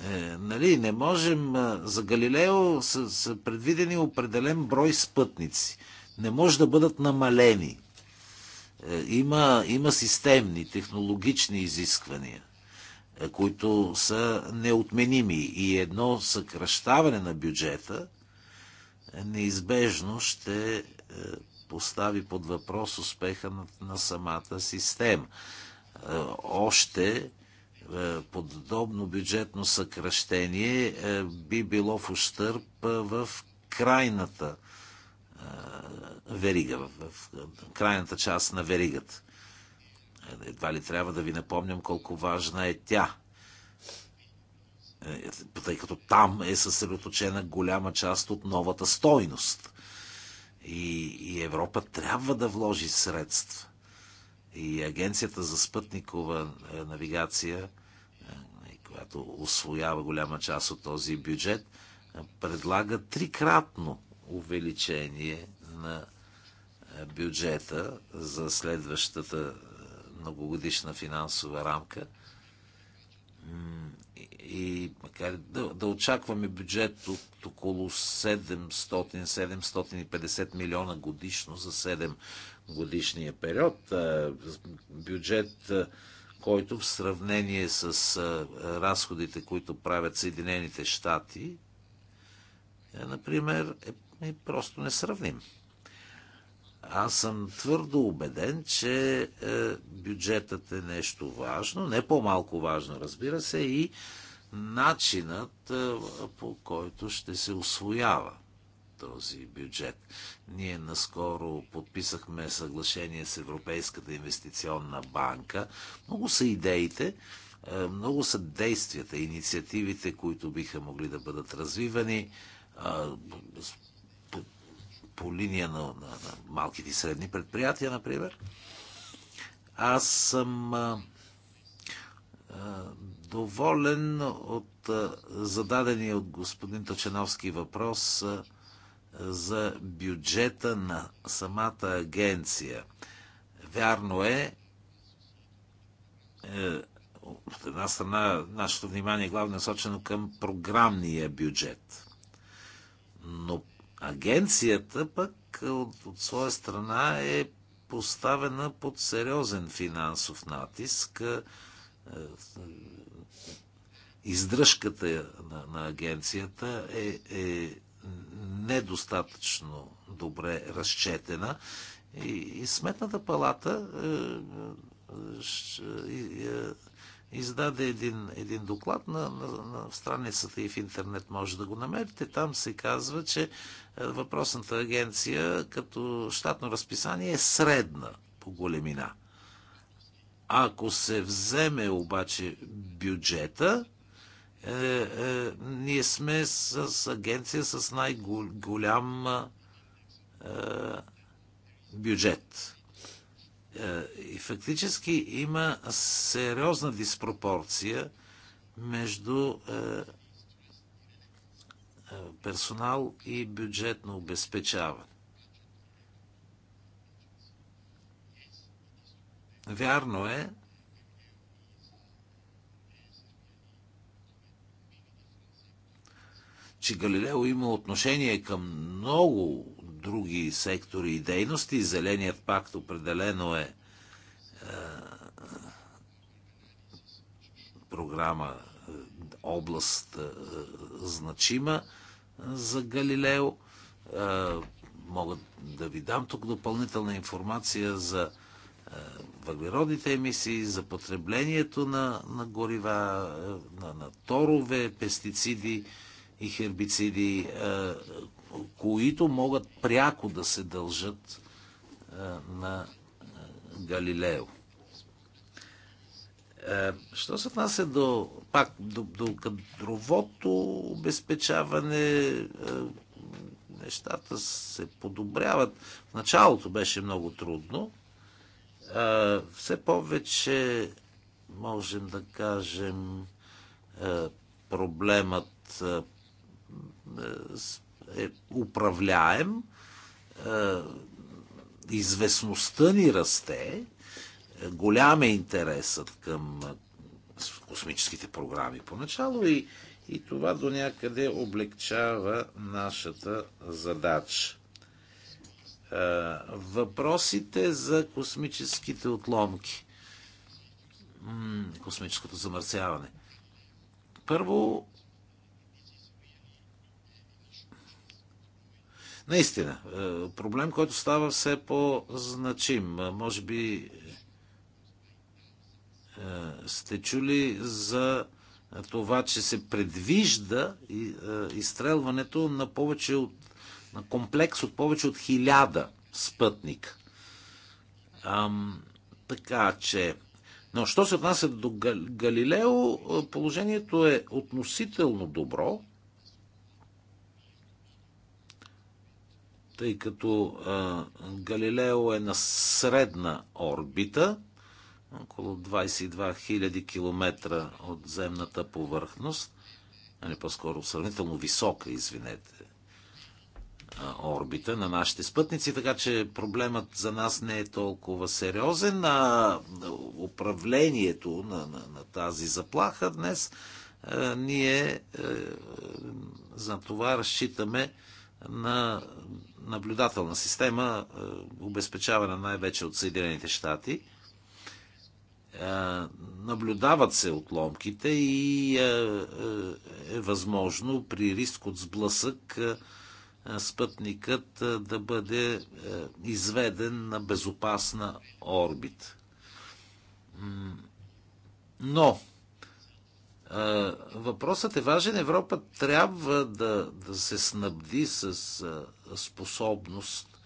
Е, нали, не можем. За Галилео са, са предвидени определен брой спътници. Не може да бъдат намалени. Е, има, има системни, технологични изисквания, е, които са неотменими. И едно съкръщаване на бюджета е, неизбежно ще е, постави под въпрос успеха на, на самата система. Е, още е, подобно бюджетно съкръщение е, би било в ущърп в крайната верига, в крайната част на веригата. Едва ли трябва да ви напомням колко важна е тя. Тъй като там е съсредоточена голяма част от новата стойност – и, и Европа трябва да вложи средства. И Агенцията за спътникова е, навигация, е, която освоява голяма част от този бюджет, е, предлага трикратно увеличение на бюджета за следващата многогодишна финансова рамка и макар да, да очакваме бюджет от около 700-750 милиона годишно за 7 годишния период, бюджет, който в сравнение с разходите, които правят Съединените щати, е, например, е, е просто несравним. Аз съм твърдо убеден, че е, бюджетът е нещо важно, не по-малко важно, разбира се, и начинът е, по който ще се освоява този бюджет. Ние наскоро подписахме съглашение с Европейската инвестиционна банка. Много са идеите, е, много са действията, инициативите, които биха могли да бъдат развивани е, по линия на, на, на малките и средни предприятия, например. Аз съм а, доволен от зададения от господин Точеновски въпрос за бюджета на самата агенция. Вярно е, е от една страна, нашето внимание е главно е сочено към програмния бюджет. Но агенцията пък от, от своя страна е поставена под сериозен финансов натиск е, издръжката на, на агенцията е, е недостатъчно добре разчетена и, и Сметната палата е, е, е, е, издаде един, един доклад на, на, на страницата и в интернет може да го намерите. Там се казва, че е, въпросната агенция като щатно разписание е средна по големина. Ако се вземе обаче бюджета, е, е, ние сме с агенция с най-голям е, бюджет. И фактически има сериозна диспропорция между персонал и бюджетно обезпечаване. Вярно е, че Галилео има отношение към много други сектори и дейности. Зеленият пакт определено е, е програма, е, област е, е значима е, за Галилео. Мога да ви дам тук допълнителна информация за въглеродните емисии, за потреблението на, на горива, на, на торове, пестициди и хербициди, е, които могат пряко да се дължат е, на е, Галилео. Що се отнася до, пак, до, до кадровото обезпечаване, нещата се подобряват. В началото беше много трудно. Все повече можем да кажем проблемът е, е управляем, е, известността ни расте, е, голям е интересът към космическите програми поначало и, и това до някъде облегчава нашата задача. Въпросите за космическите отломки, космическото замърсяване. Първо, Наистина, е, проблем, който става все по-значим. Е, може би е, сте чули за това, че се предвижда изстрелването на повече от на комплекс от повече от хиляда спътник. Ам, така че. Но що се отнася до Галилео, положението е относително добро тъй като а, Галилео е на средна орбита, около 22 000 км от земната повърхност, а нали, не по-скоро сравнително висока, извинете, орбита на нашите спътници, така че проблемът за нас не е толкова сериозен, а управлението на, на, на тази заплаха днес а, ние а, е, за това разчитаме на наблюдателна система, е, обезпечавана най-вече от Съединените щати. Е, наблюдават се отломките и е, е възможно при риск от сблъсък спътникът да бъде изведен на безопасна орбит, Но Въпросът е важен. Европа трябва да, да се снабди с способност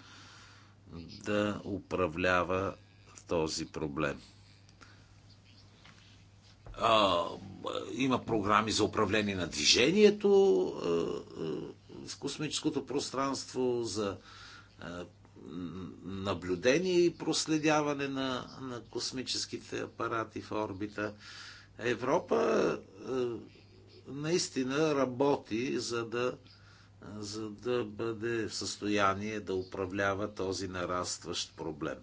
да управлява този проблем. А, има програми за управление на движението а, а, в космическото пространство, за а, наблюдение и проследяване на, на космическите апарати в орбита. А, Европа е, наистина работи, за да, за да бъде в състояние да управлява този нарастващ проблем.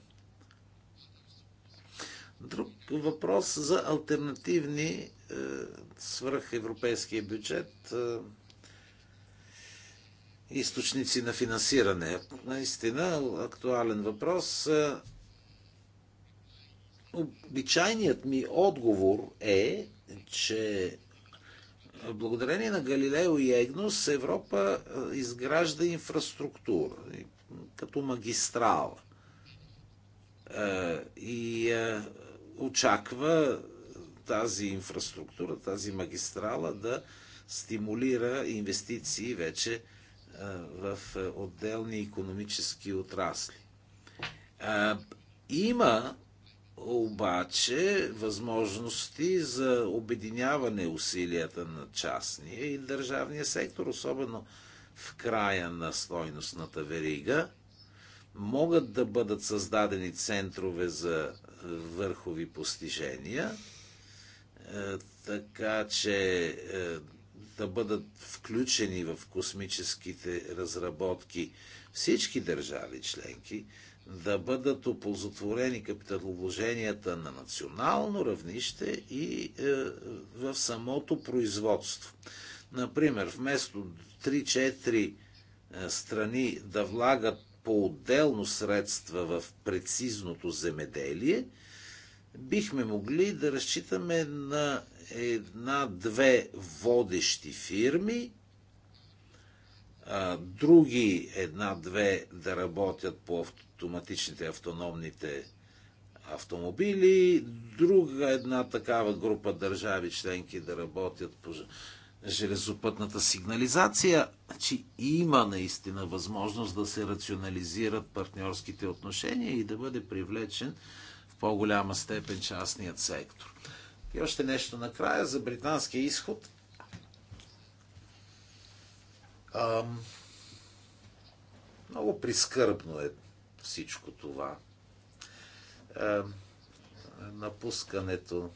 Друг въпрос за альтернативни е, свръхевропейския свръх европейския бюджет е, източници на финансиране. Наистина актуален въпрос. Обичайният ми отговор е, че благодарение на Галилео и Егнос Европа е, изгражда инфраструктура, като магистрала. Е, и е, очаква тази инфраструктура, тази магистрала да стимулира инвестиции вече в отделни економически отрасли. Има обаче възможности за обединяване усилията на частния и държавния сектор, особено в края на стойностната верига, могат да бъдат създадени центрове за върхови постижения, е, така че е, да бъдат включени в космическите разработки всички държави членки, да бъдат опозотворени капиталовложенията на национално равнище и е, в самото производство. Например, вместо 3-4 е, страни да влагат по-отделно средства в прецизното земеделие, бихме могли да разчитаме на една-две водещи фирми, а, други една-две да работят по автоматичните автономните автомобили, друга една такава група държави членки да работят по железопътната сигнализация, че значи има наистина възможност да се рационализират партньорските отношения и да бъде привлечен в по-голяма степен частният сектор. И още нещо накрая за британския изход много прискърбно е всичко това. напускането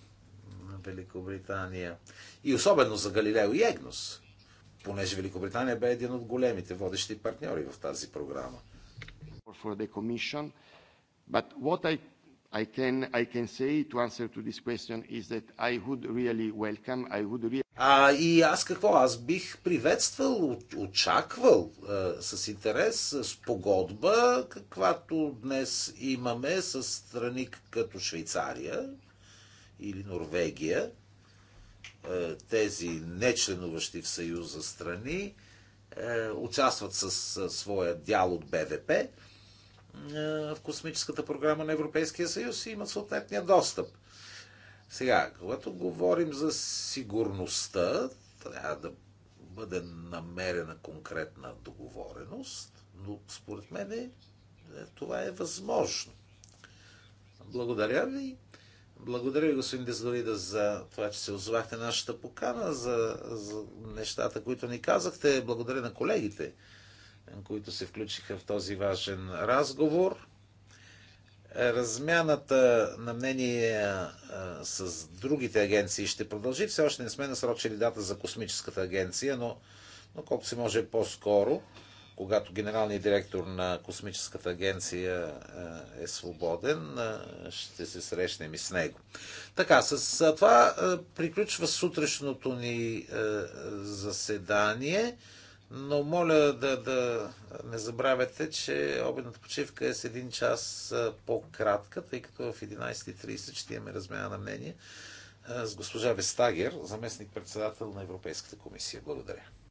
на Великобритания. И особено за Галилео и Егнос, понеже Великобритания бе един от големите водещи партньори в тази програма. For the commission, but what I I can, I can say to answer to this question is that I would really welcome, I would really... А и аз какво? Аз бих приветствал, очаквал е, с интерес, с погодба, каквато днес имаме с страни като Швейцария или Норвегия, е, тези нечленуващи в Съюза страни, е, участват с, с своя дял от БВП. Е, в космическата програма на Европейския съюз и имат съответния достъп. Сега, когато говорим за сигурността, трябва да бъде намерена конкретна договореност, но според мен е, е, това е възможно. Благодаря ви. Благодаря ви, господин Дезгорида, за това, че се озвахте нашата покана, за, за нещата, които ни казахте. Благодаря на колегите които се включиха в този важен разговор. Размяната на мнение с другите агенции ще продължи. Все още не сме насрочили дата за космическата агенция, но, но колко се може по-скоро, когато генералният директор на космическата агенция е свободен, ще се срещнем и с него. Така, с това приключва сутрешното ни заседание. Но моля да, да не забравяте, че обедната почивка е с един час по-кратка, тъй като в 11.30 ще имаме размяна на мнение с госпожа Вестагер, заместник-председател на Европейската комисия. Благодаря.